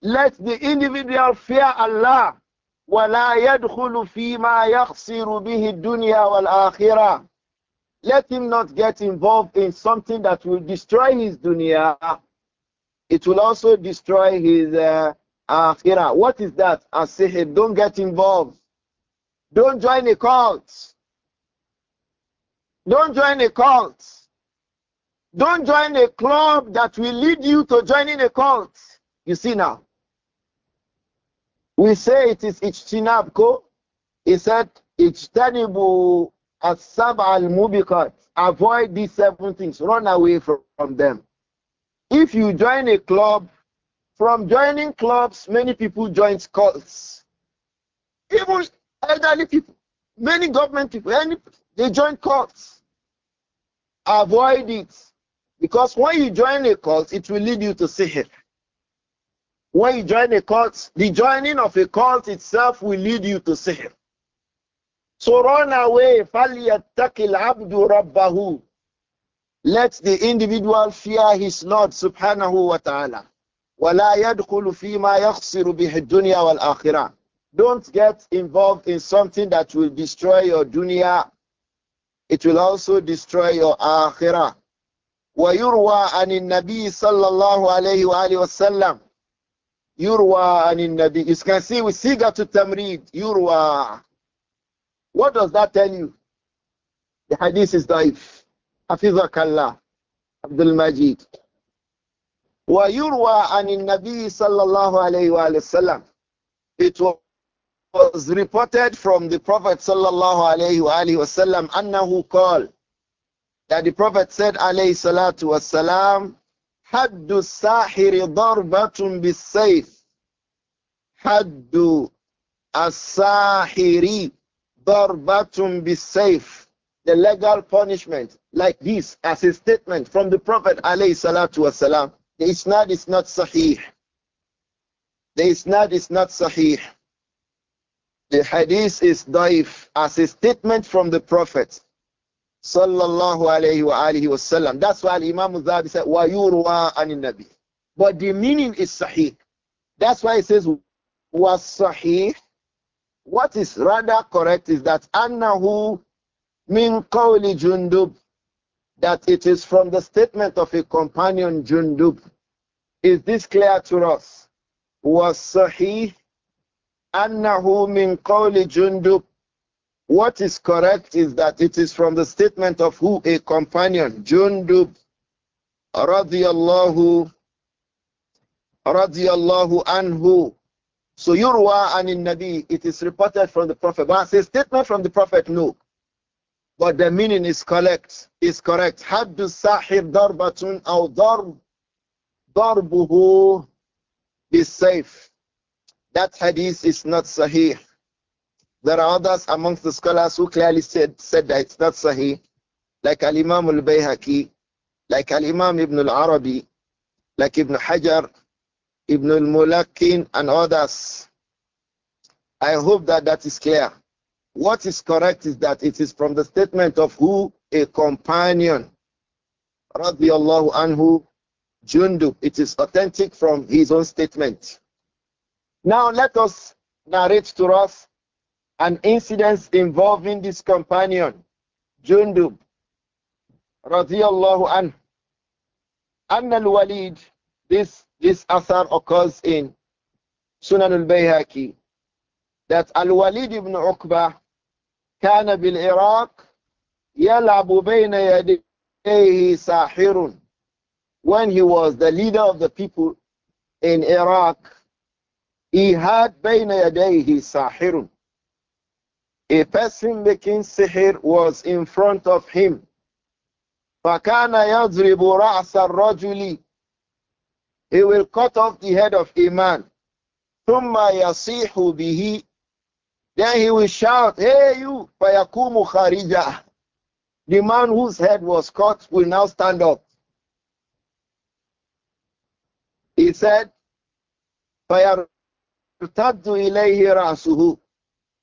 Let the individual fear Allah. ولا يدخل فيما يخسر به الدنيا والآخرة let him not get involved in something that will destroy his dunya. It will also destroy his uh, akhirah. What is that? I say, don't get involved. Don't join a cult. Don't join a cult. Don't join a club that will lead you to joining a cult. You see now, we say it is ijtinab He said, ijtanibu as al-mubiqat. Avoid these seven things. Run away from, from them. If you join a club, from joining clubs, many people join cults. Even elderly people, many government people, any, they join cults. Avoid it. Because when you join a cult, it will lead you to sihr. When you join a cult, the joining of a cult itself will lead you to sin. So run away. فَلْيَتَّقِ الْعَبْدُ Let the individual fear his Lord subhanahu wa ta'ala. وَلَا يَدْخُلُ فِي مَا يَخْصِرُ بِهِ وَالْآخِرَةِ Don't get involved in something that will destroy your dunya. It will also destroy your akhirah. ويروى عن النبي صلى الله عليه وآله وسلم Yurwa عن النبي. You can see we see that to Tamrid. Yurwa. What does that tell you? The hadith is daif. Hafizakallah. Abdul Majid. ويروى عن النبي صلى الله عليه وآله وسلم. It was reported from the Prophet صلى الله عليه وآله وسلم أنه قال that the Prophet said عليه الصلاة والسلام حد الساحر ضربة بالسيف حد الساحر ضربة بالسيف the legal punishment like this as a statement from the Prophet alayhi salatu wasalam the isnad is not sahih the isnad is not sahih the hadith is daif as a statement from the Prophet Sallallahu alayhi wa alihi wasallam. That's why Imam Zahabi said, Wa yurwa anin Nabi. But the meaning is sahih. That's why it says, Was sahih. What is rather correct is that annahu min qawli jundub. That it is from the statement of a companion jundub. Is this clear to us? Was sahih annahu min qawli jundub what is correct is that it is from the statement of who a companion, Jundub radiyallahu radiyallahu anhu. So yurwa anin nabi, it is reported from the Prophet. But a statement from the Prophet, no. But the meaning is correct. Is correct. Haddu sahih darbatun aw darb darbuhu be safe. That hadith is not sahih. There are others amongst the scholars who clearly said, said that it's not Sahih, like Al Imam al Bayhaqi, like Al Imam ibn al Arabi, like Ibn Hajar, Ibn al Mulakin, and others. I hope that that is clear. What is correct is that it is from the statement of who? A companion. Radiallahu anhu, Jundub. It is authentic from his own statement. Now let us narrate to us and incidents involving this companion, Jundub, radiallahu anhu. Anna al-Walid, this, this asar occurs in Sunan al-Bayhaqi, that al-Walid ibn Uqba كان iraq يلعب بين يديه sahirun. when he was the leader of the people in Iraq he had bayna يديه sahirun a person making sihr was in front of him. فَكَانَ يَضْرِبُ رَأْسَ الرَّجُلِ He will cut off the head of a man. ثُمَّ يَصِيحُ بِهِ Then he will shout, Hey you! فَيَقُومُ Harija, The man whose head was cut will now stand up. He said, فَيَرْتَدُّ إِلَيْهِ رَأْسُهُ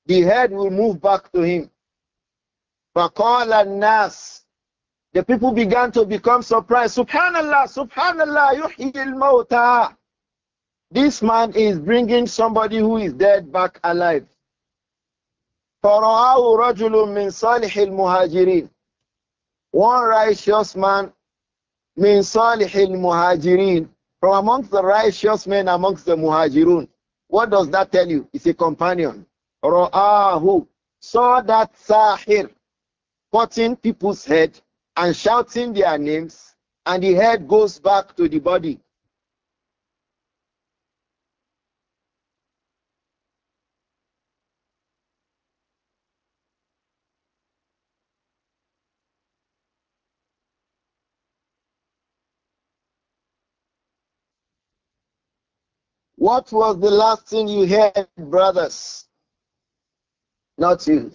the head will move back to him. and Nas. The people began to become surprised. Subhanallah, Subhanallah, you al-mawta. This man is bringing somebody who is dead back alive. فَرَآهُ رَجُلٌ min salihil muhajirin. One righteous man, مِن صَالِحِ الْمُهَاجِرِينَ From amongst the righteous men amongst the muhajirun. What does that tell you? It's a companion. Ra'ahu saw that Sahir cutting people's head and shouting their names, and the head goes back to the body. What was the last thing you heard, brothers? Not you.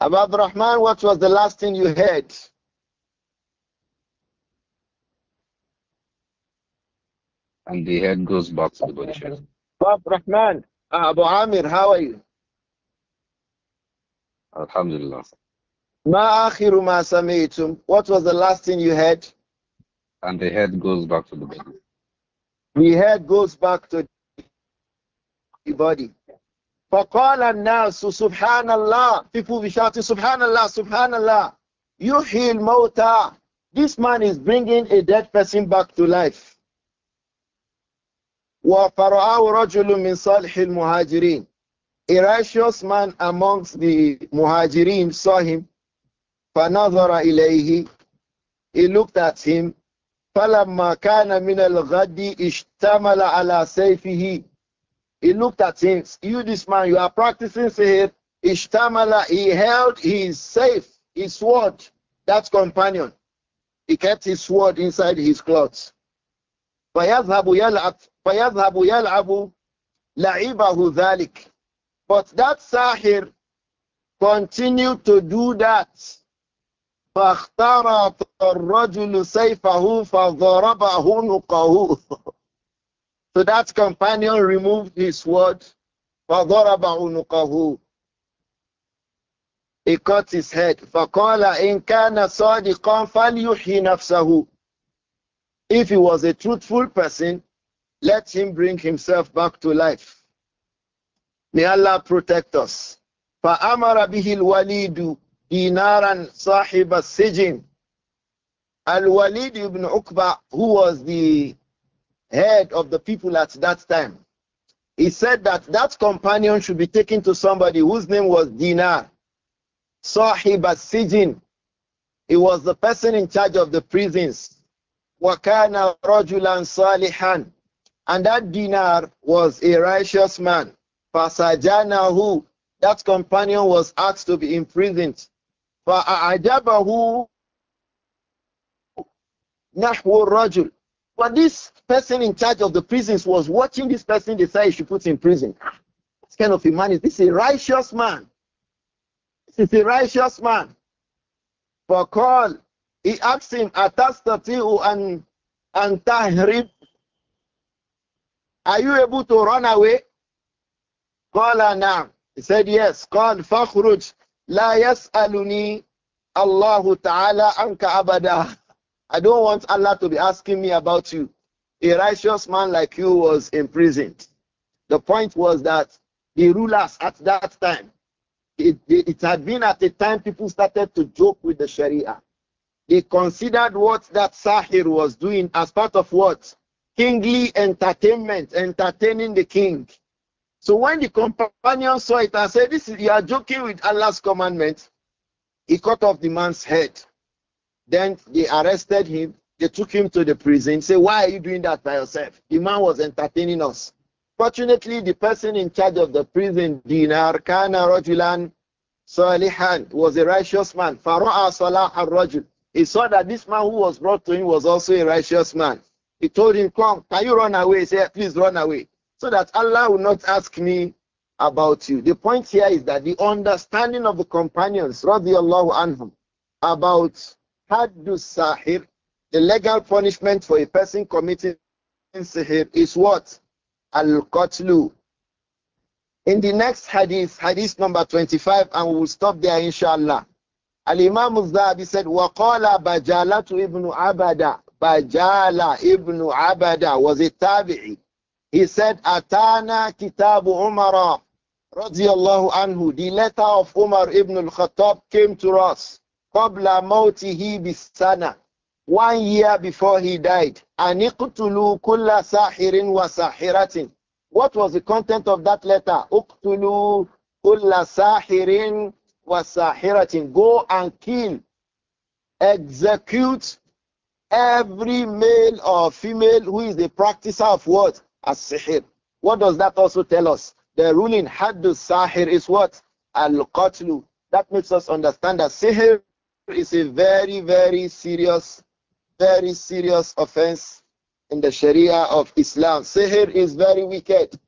Abu Rahman, what was the last thing you heard? And the head goes back to the body Abu Rahman, uh, Abu Amir, how are you? Alhamdulillah. Ma akhiru ma sami'tum. What was the last thing you heard? And the head goes back to the body. The head goes back to the body. فَقَالَ النَّاسُ سُبْحَانَ اللَّهِ People will be shouting, Subhanallah, Subhanallah. Yuhil mawta. This man is bringing a dead person back to life. وَفَرَعَهُ رَجُلٌ مِّن صَالِحِ الْمُهَاجِرِينَ A righteous man amongst the muhajirin saw him. فَنَظَرَ إِلَيْهِ He looked at him. فَلَمَّا كَانَ مِنَ الْغَدِّ اشْتَمَلَ عَلَى سَيْفِهِ he looked at him. You, this man, you are practicing Sahib. Ishtamala, he held his safe, his sword, that companion. He kept his sword inside his clothes. فَيَذْهَبُ يَلْعَبُ لَعِبَهُ ذَلِكَ But that Sahir continued to do that. فَاخْتَرَطَ الرَّجُلُ سَيْفَهُ فَضَرَبَهُ نُقَهُ so that companion removed his sword. He cut his head. If he was a truthful person, let him bring himself back to life. May Allah protect us. فَأَمَرَ بِهِ الْوَلِيدُ دِينَارًا صَاحِبَ السِّجِنِ Al-Walid ibn Uqba, who was the head of the people at that time. He said that that companion should be taken to somebody whose name was Dinar, Sahib al-Sijin. He was the person in charge of the prisons. Wakana Rajulan Salihan. And that Dinar was a righteous man. Fasajanahu. That companion was asked to be imprisoned. Fa'ajabahu nahwu rajul but this person in charge of the prisons was watching this person decide he should put in prison. This kind of a man is this a righteous man. This is a righteous man. For call, he asked him, Atastati'u and and tahrib. Are you able to run away? Qala now. He said, yes. Call fakhruj la aluni. Allahu ta'ala anka abada. I don't want Allah to be asking me about you. A righteous man like you was imprisoned. The point was that the rulers at that time, it, it, it had been at the time people started to joke with the Sharia. They considered what that Sahir was doing as part of what? Kingly entertainment, entertaining the king. So when the companion saw it and said, This is, you are joking with Allah's commandment, he cut off the man's head. Then they arrested him. They took him to the prison. Say, why are you doing that by yourself? The man was entertaining us. Fortunately, the person in charge of the prison, Dinar Kana Rajulan Salihan, was a righteous man. Fara'a Salah Rajul. He saw that this man who was brought to him was also a righteous man. He told him, Come, can you run away? He said, Please run away. So that Allah will not ask me about you. The point here is that the understanding of the companions, radiallahu anhum, about Haddu sahir, the legal punishment for a person committing sihir is what? Al-qatlu. In the next hadith, hadith number 25, and we will stop there inshallah. Al-Imam al-Zahabi said, وَقَالَ بَجَالَةُ ibn Abada. Bajala ibn Abada was a tabi'i. He said, Atana kitabu Umara radiyallahu anhu. The letter of Umar ibn al-Khattab came to us qabla mautihi bisana one year before he died aniqtulu kulla sahirin wa sahiratin what was the content of that letter uqtulu kulla sahirin wa sahiratin go and kill execute every male or female who is a practicer of what as sihir what does that also tell us the ruling haddu sahir is what al that makes us understand that sihir is a very, very serious, very serious offense in the Sharia of Islam. Sihir is very wicked.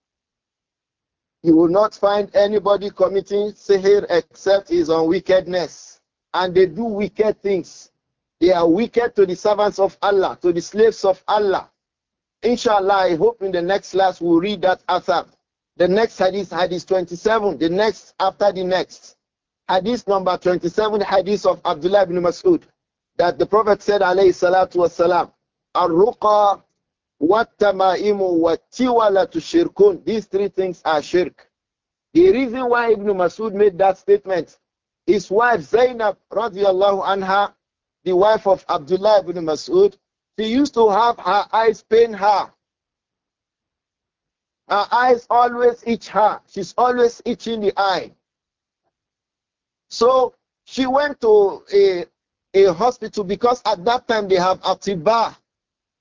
You will not find anybody committing sihir except is on wickedness. And they do wicked things. They are wicked to the servants of Allah, to the slaves of Allah. Inshallah, I hope in the next class we'll read that after The next hadith, hadith 27, the next after the next. Hadith number 27, hadith of Abdullah ibn Mas'ud, that the Prophet said, alayhi salatu wasalam, Ar-ruqa wat-tama'imu wat-tiwalatu shirkun. These three things are shirk. The reason why Ibn Mas'ud made that statement, his wife Zainab radiallahu anha, the wife of Abdullah ibn Mas'ud, she used to have her eyes pain her. Her eyes always itch her. She's always itching the eye. So she went to a, a hospital because at that time they have atiba,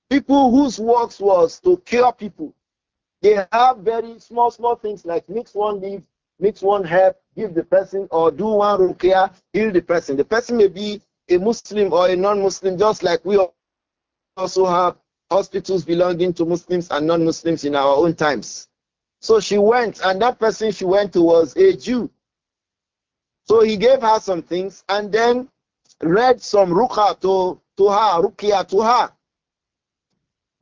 people whose works was to cure people. They have very small, small things like mix one leaf, mix one herb, give the person, or do one rukia, heal the person. The person may be a Muslim or a non-Muslim, just like we also have hospitals belonging to Muslims and non-Muslims in our own times. So she went, and that person she went to was a Jew. So he gave her some things and then read some ruqa to, to her, ruqya to her.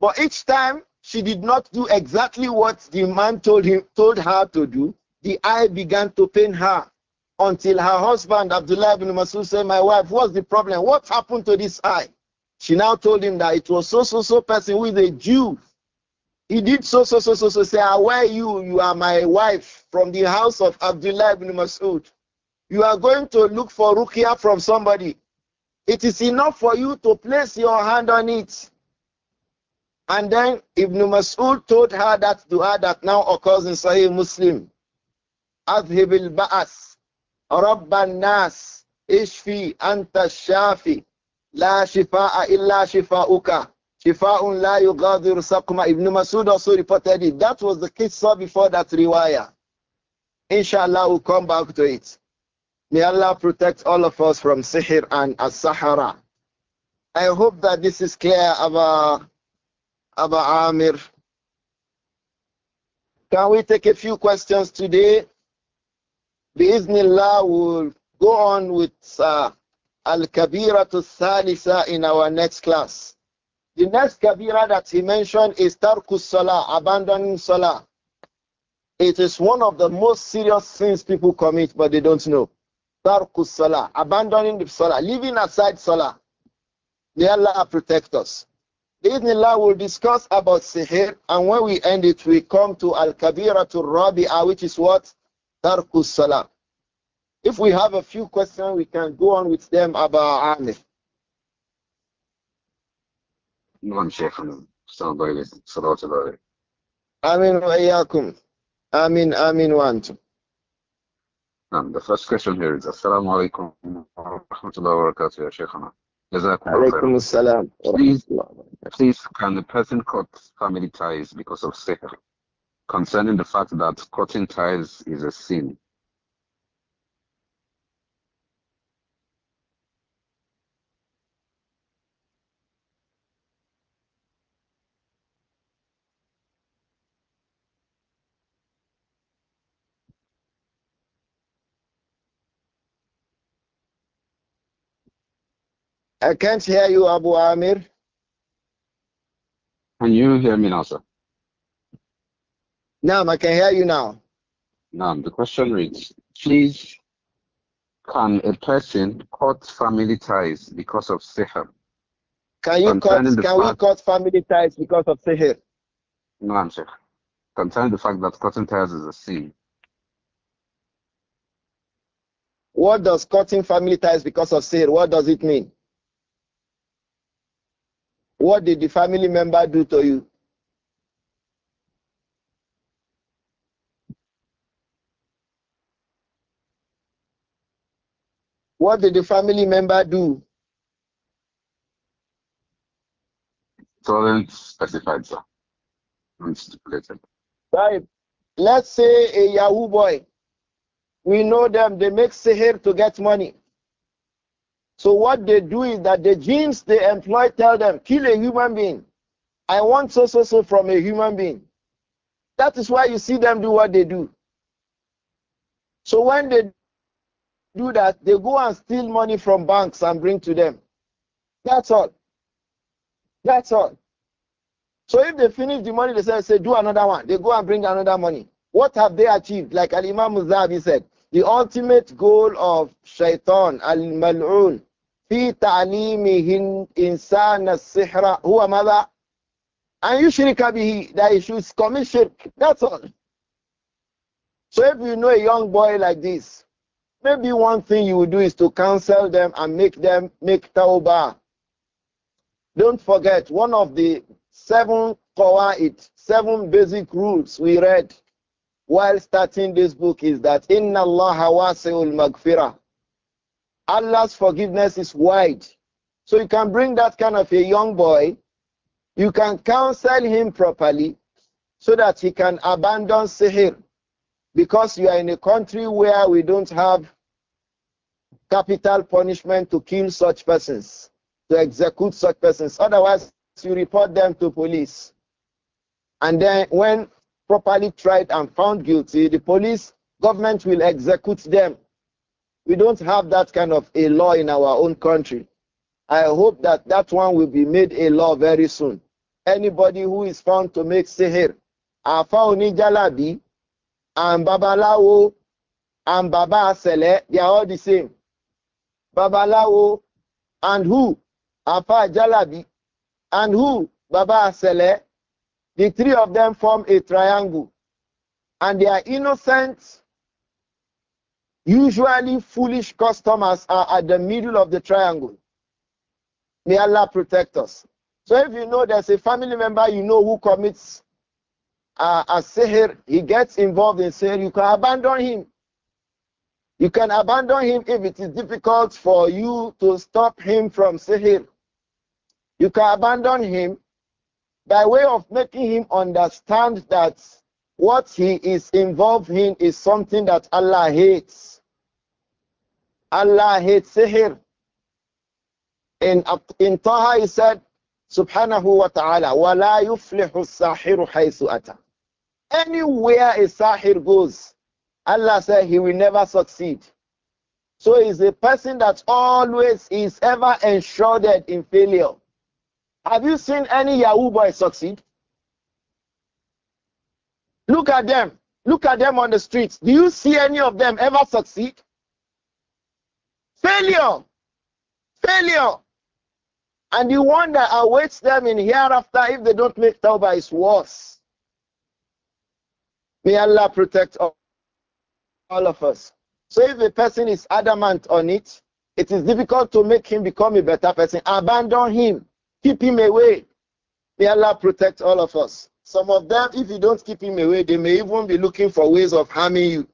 But each time she did not do exactly what the man told him told her to do, the eye began to pain her until her husband Abdullah ibn Masud said, My wife, what's the problem? What happened to this eye? She now told him that it was so so so person with a Jew. He did so so so so so say, ah, Where you? You are my wife from the house of Abdullah ibn Masud you are going to look for rukia from somebody, it is enough for you to place your hand on it. And then Ibn Mas'ud told her that dua that now occurs in Sahih Muslim. Adhibil ba'as, Rabban nas, ishfi anta shafi, la shifa'a illa shifa'uka, shifa'un la yughadiru saqma. Ibn Mas'ud also reported it. That was the qissa before that riwayah. Inshallah, we'll come back to it. May Allah protect all of us from Sihir and As-Sahara. I hope that this is clear, Abba, Abba Amir. Can we take a few questions today? Biiznillah, we'll go on with uh, Al-Kabira to Salisa in our next class. The next Kabira that he mentioned is Tarkus Salah, abandoning Salah. It is one of the most serious sins people commit, but they don't know. Tarkus Salah, abandoning the Salah, leaving aside Salah. May Allah protect us. Allah will discuss about Sihir, and when we end it, we come to Al Kabira to Rabi'ah, which is what? Tarkus Salah. If we have a few questions, we can go on with them about Amir. نعم شيخنا السلام عليكم صلوات الله عليه آمين the first question here is Assalamu alaikum wa rahmatullahi wa barakatuh, Shaykhana. Please, please, can the person cut family ties because of sihr? Concerning the fact that cutting ties is a sin, I can't hear you, Abu Amir. Can you hear me now, sir? No, I can hear you now. No, the question reads, please, can a person cut family ties because of sihr? Can you cut, can we cut family ties because of sihr? am sure. Concerning the fact that cutting ties is a sin. What does cutting family ties because of sihr, what does it mean? What did the family member do to you? What did the family member do? Torrent specified, sir. Right. Let's say a Yahoo boy. We know them, they make sihir to get money. So what they do is that the genes they employ tell them, kill a human being. I want so so so from a human being. That is why you see them do what they do. So when they do that, they go and steal money from banks and bring to them. That's all. That's all. So if they finish the money, they say, say do another one. They go and bring another money. What have they achieved? Like Al Imam Muzabi said, the ultimate goal of shaitan al-mal'un في تعليمه إنسان السحر هو ماذا؟ And يشرك به that he should commit shirk. That's all. So if you know a young boy like this, maybe one thing you will do is to counsel them and make them make tawbah. Don't forget, one of the seven qawa'id, seven basic rules we read while starting this book is that Inna Allah wasi'ul Magfira, Allah's forgiveness is wide. So you can bring that kind of a young boy, you can counsel him properly so that he can abandon sihr. Because you are in a country where we don't have capital punishment to kill such persons, to execute such persons. Otherwise, you report them to police. And then when properly tried and found guilty, the police government will execute them. We don't have that kind of a law in our own country. I hope that that one will be made a law very soon. Anybody who is found to make sihir, Afa Jalabi, and Babalawo, and Baba Asele, they are all the same. Babalawo, and who? Afa Jalabi, and who? Baba Asele, the three of them form a triangle, and their innocent, usually foolish customers are at the middle of the triangle. May Allah protect us. So if you know there's a family member you know who commits uh, a sehir, he gets involved in sehir. you can abandon him. You can abandon him if it is difficult for you to stop him from sehir. You can abandon him by way of making him understand that what he is involved in is something that Allah hates. Allah hates sihr. In, in Taha he said, Subhanahu wa ta'ala, wa وَلَا يُفْلِحُ sahiru haizu ata." Anywhere a sahir goes, Allah said he will never succeed. So he's a person that always is ever enshrouded in failure. Have you seen any Yahoo boy succeed? Look at them. Look at them on the streets. Do you see any of them ever succeed? Failure. Failure. And the one that awaits them in hereafter if they don't make tawbah is worse. May Allah protect all, all of us. So if a person is adamant on it, it is difficult to make him become a better person. Abandon him. Keep him away. May Allah protect all of us. Some of them, if you don't keep him away, they may even be looking for ways of harming you.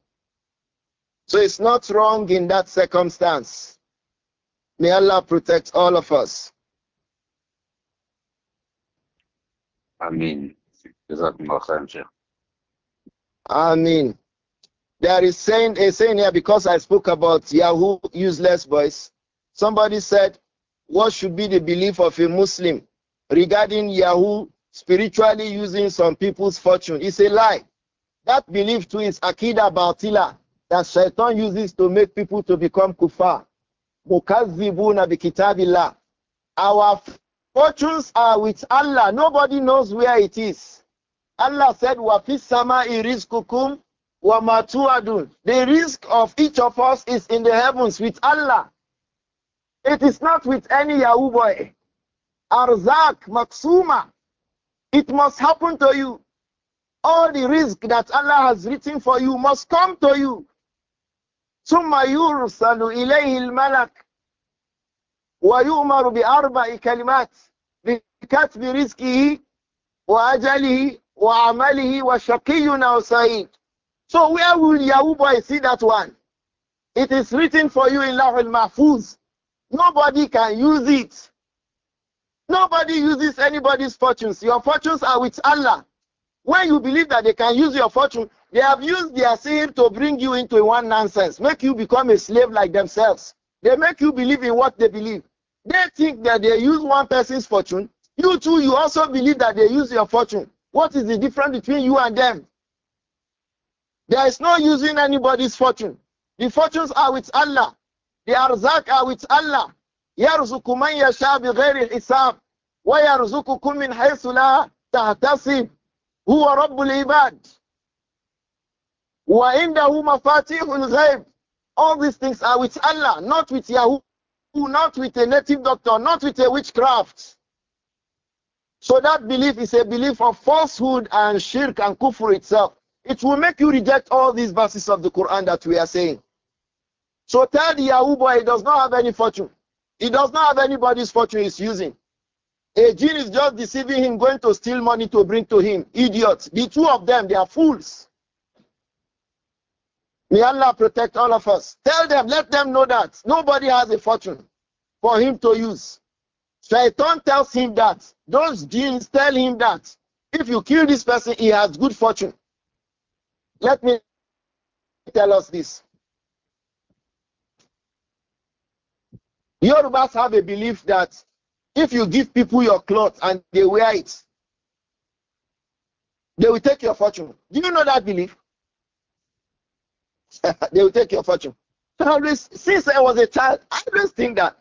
So it's not wrong in that circumstance. May Allah protect all of us. Ameen. Ameen. There is saying a saying here because I spoke about Yahoo useless boys. Somebody said what should be the belief of a Muslim regarding Yahoo spiritually using some people's fortune. It's a lie. That belief too is Akida Bautila that Shaitan uses to make people to become kuffar. Mukazibuna bikitabillah. Our fortunes are with Allah. Nobody knows where it is. Allah said, Wafis sama kum wa matuadun. The risk of each of us is in the heavens with Allah. It is not with any Yahoo boy. Arzak, Maksuma. It must happen to you. All the risk that Allah has written for you must come to you. ثم يرسل إليه الملك ويؤمر بأربع كلمات بكتب رزقه wa وعمله wa أو sa'id. So where will Yahoo boy see that one? It is written for you in al Mahfuz. Nobody can use it. Nobody uses anybody's fortunes. Your fortunes are with Allah. When you believe that they can use your fortune, they have used their sin to bring you into one nonsense, make you become a slave like themselves. They make you believe in what they believe. They think that they use one person's fortune. You too, you also believe that they use your fortune. What is the difference between you and them? There is no using anybody's fortune. The fortunes are with Allah. The arzak are with Allah. يرزق من يشاء بغير حساب ويرزقكم من حيث لا تحتسب هو رب العباد وعنده مفاتيح الغيب all these things are with Allah not with Yahoo not with a native doctor not with a witchcraft so that belief is a belief of falsehood and shirk and kufr itself it will make you reject all these verses of the Quran that we are saying so tell the Yahoo boy he does not have any fortune. He does not have anybody's fortune he's using. A jinn is just deceiving him, going to steal money to bring to him. Idiots. The two of them, they are fools. May Allah protect all of us. Tell them, let them know that nobody has a fortune for him to use. Shaitan tells him that. Those jinns tell him that if you kill this person, he has good fortune. Let me tell us this. Yorubas have a belief that if you give people your clothes and they wear it, they will take your fortune. Do you know that belief? they will take your fortune. I always, since I was a child, I always think that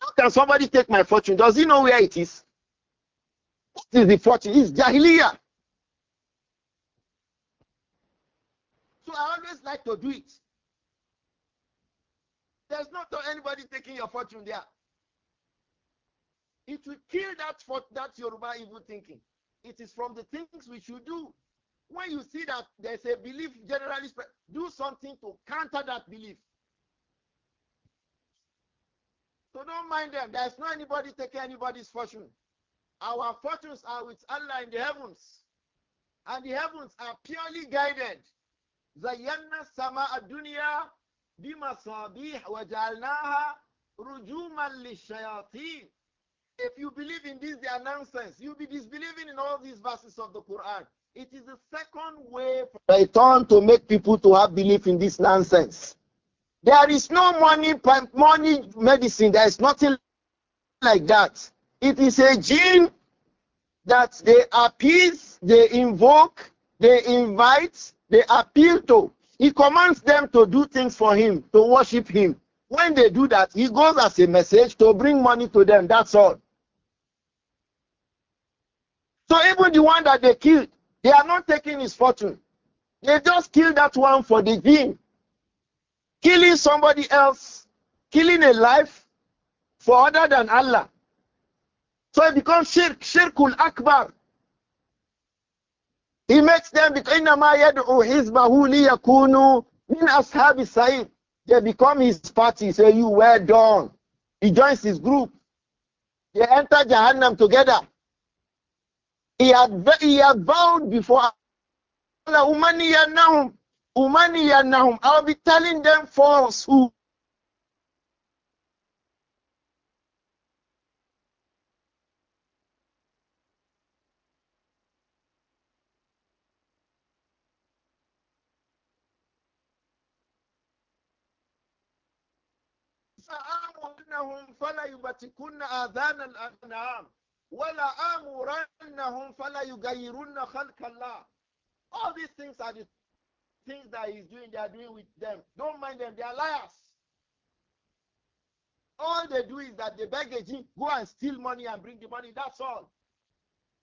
how can somebody take my fortune? Does he know where it is? What is the fortune? It's Jahiliya? So I always like to do it. There's not anybody taking your fortune there. It will kill that for that Yoruba evil thinking. It is from the things we should do. When you see that there's a belief generally spread, do something to counter that belief. So don't mind them. There's not anybody taking anybody's fortune. Our fortunes are with Allah in the heavens. And the heavens are purely guided. Zayanna sama adunya بِمَصَابِيحَ وَجَعَلْنَاهَا رُجُومًا لِلشَّيَاطِينَ If you believe in this, they are nonsense. You'll be disbelieving in all these verses of the Quran. It is the second way for Satan to make people to have belief in this nonsense. There is no money, money medicine. There is nothing like that. It is a gene that they appease, they invoke, they invite, they appeal to. He commands them to do things for him, to worship him. When they do that, he goes as a message to bring money to them. That's all. So even the one that they killed, they are not taking his fortune. They just killed that one for the gain. Killing somebody else, killing a life for other than Allah. So it becomes shirk, shirkul akbar. He makes them They become his party. Say, so you well done. He joins his group. They enter Jahannam together. He had, he had vowed before Allah, Umani Umani I'll be telling them falsehood. آمرنهم فلا يبتكن آذان الأنعام ولا آمرنهم فلا يغيرن خلق الله all these things are the things that he's doing they are doing with them don't mind them they are liars all they do is that they beg a Jew, go and steal money and bring the money that's all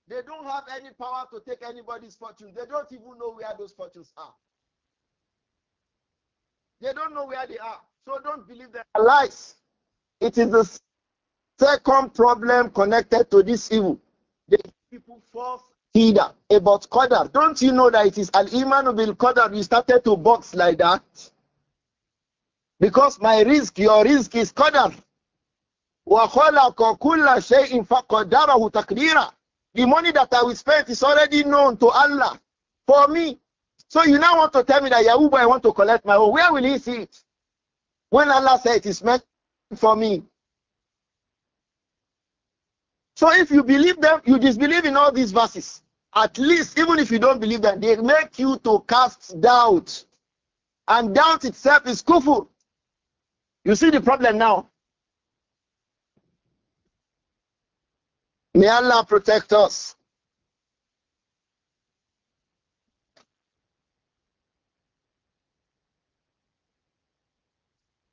they don't have any power to take anybody's fortune they don't even know where those fortunes are they don't know where they are so don't believe their lies it is the second problem connected to this evil. The people false either about Qadar. Don't you know that it is Al Iman bil Qadar? We started to box like that. Because my risk, your risk is Qadar. The money that I will spend is already known to Allah for me. So you now want to tell me that Yahuba? I want to collect my own. Where will he see it? When Allah said it is meant for me. So if you believe them, you disbelieve in all these verses. At least, even if you don't believe them, they make you to cast doubt. And doubt itself is kufur. You see the problem now. May Allah protect us.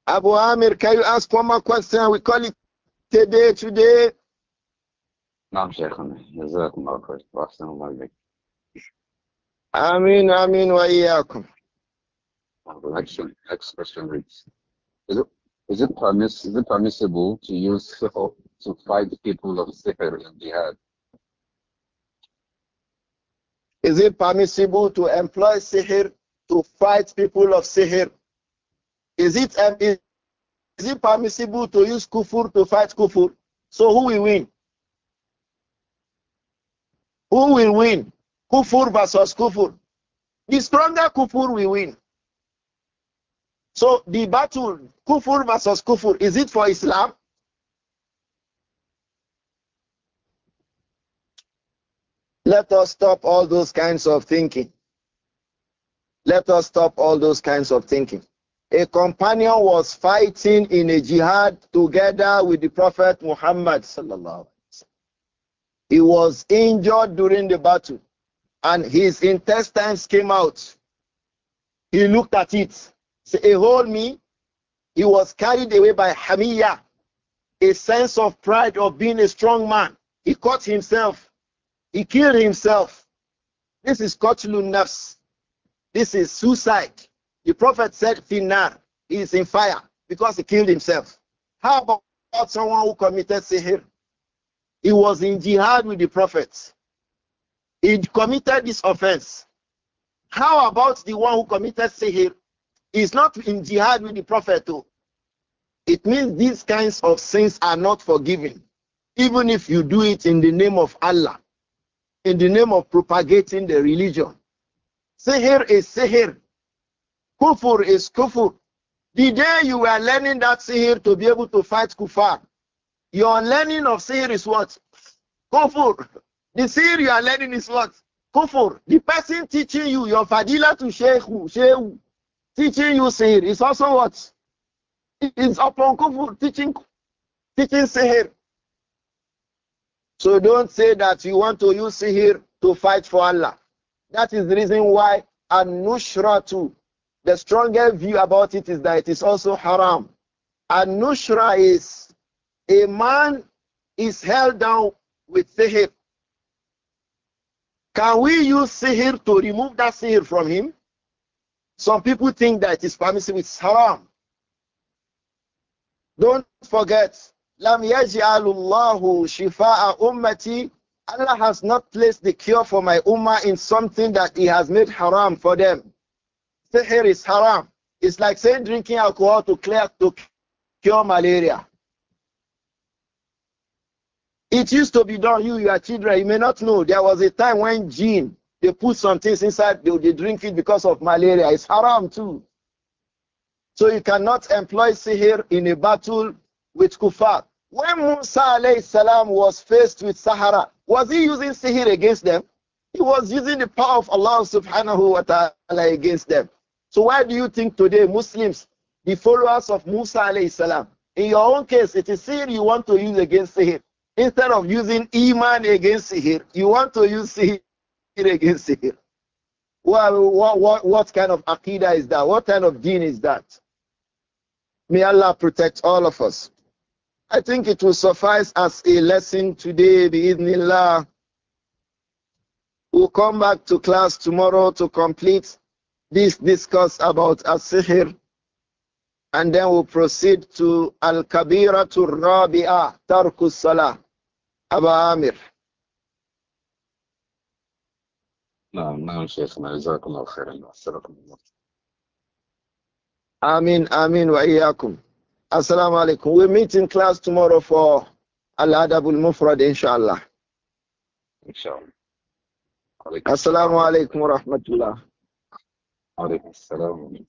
Abu Amir, can you ask one more question? We call it today, today. نعم شيخنا جزاكم الله خير واحسن الله اليك امين امين واياكم Next question reads is it, is it, permiss, is it permissible to use sihr to fight people of sihr in jihad? Is it permissible to employ sihr to fight people of sihr? Is it, um, is, is it permissible to use kufur to fight kufur? So who will win? Who will win? Kufur versus kufur. The stronger kufur will win. So the battle, kufur versus kufur, is it for Islam? Let us stop all those kinds of thinking. Let us stop all those kinds of thinking a companion was fighting in a jihad together with the Prophet Muhammad. He was injured during the battle and his intestines came out. He looked at it. Say, hold me. He was carried away by Hamiya, a sense of pride of being a strong man. He caught himself. He killed himself. This is Kotlun Nafs. This is suicide. The Prophet said, Finnar, he is in fire because he killed himself. How about someone who committed sihir? He was in jihad with the Prophet. He committed this offense. How about the one who committed sihir? He's not in jihad with the Prophet. Too. Oh. It means these kinds of sins are not forgiven, even if you do it in the name of Allah, in the name of propagating the religion. Sihir is sihir. Kufur is kufur. The day you were learning that sihir to be able to fight kufar, your learning of sihir is what? Kufur. The sihir you are learning is what? Kufur. The person teaching you, your fadila to sheikhu, sheikhu, teaching you sihir is also what? It's upon kufur, teaching, teaching sihir. So don't say that you want to use sihir to fight for Allah. That is the reason why an-nushratu the stronger view about it is that it is also haram. And nushra is a man is held down with sihir. Can we use sihir to remove that sihir from him? Some people think that it is permissible, it's haram. Don't forget, Lam yaj'alullahu shifa'a ummati. Allah has not placed the cure for my ummah in something that He has made haram for them. Sihr is haram. It's like saying drinking alcohol to clear to cure malaria. It used to be done. You, your children, you may not know. There was a time when gene they put some things inside, they, they drink it because of malaria. It's haram too. So you cannot employ sihr in a battle with kufar. When Musa alayhi salam was faced with Sahara, was he using sihr against them? He was using the power of Allah subhanahu wa ta'ala against them. So why do you think today Muslims, the followers of Musa alayhi salam, in your own case, it is seen you want to use against sihir. Instead of using iman against sihir, you want to use sihir against sihir. Well, what, what, what kind of aqidah is that? What kind of deen is that? May Allah protect all of us. I think it will suffice as a lesson today, bi'idhnillah. We'll come back to class tomorrow to complete this discuss about as-sihr and then we'll proceed to al-kabira to rabi'ah tarku salah Abu Amir نعم نعم شيخنا جزاكم الله خيرا واستركم الله آمين آمين وإياكم Assalamu alaikum. We meet in class tomorrow for Al adabul Mufrad, inshallah. Inshallah. Assalamu alaikum wa rahmatullah. عليه السلام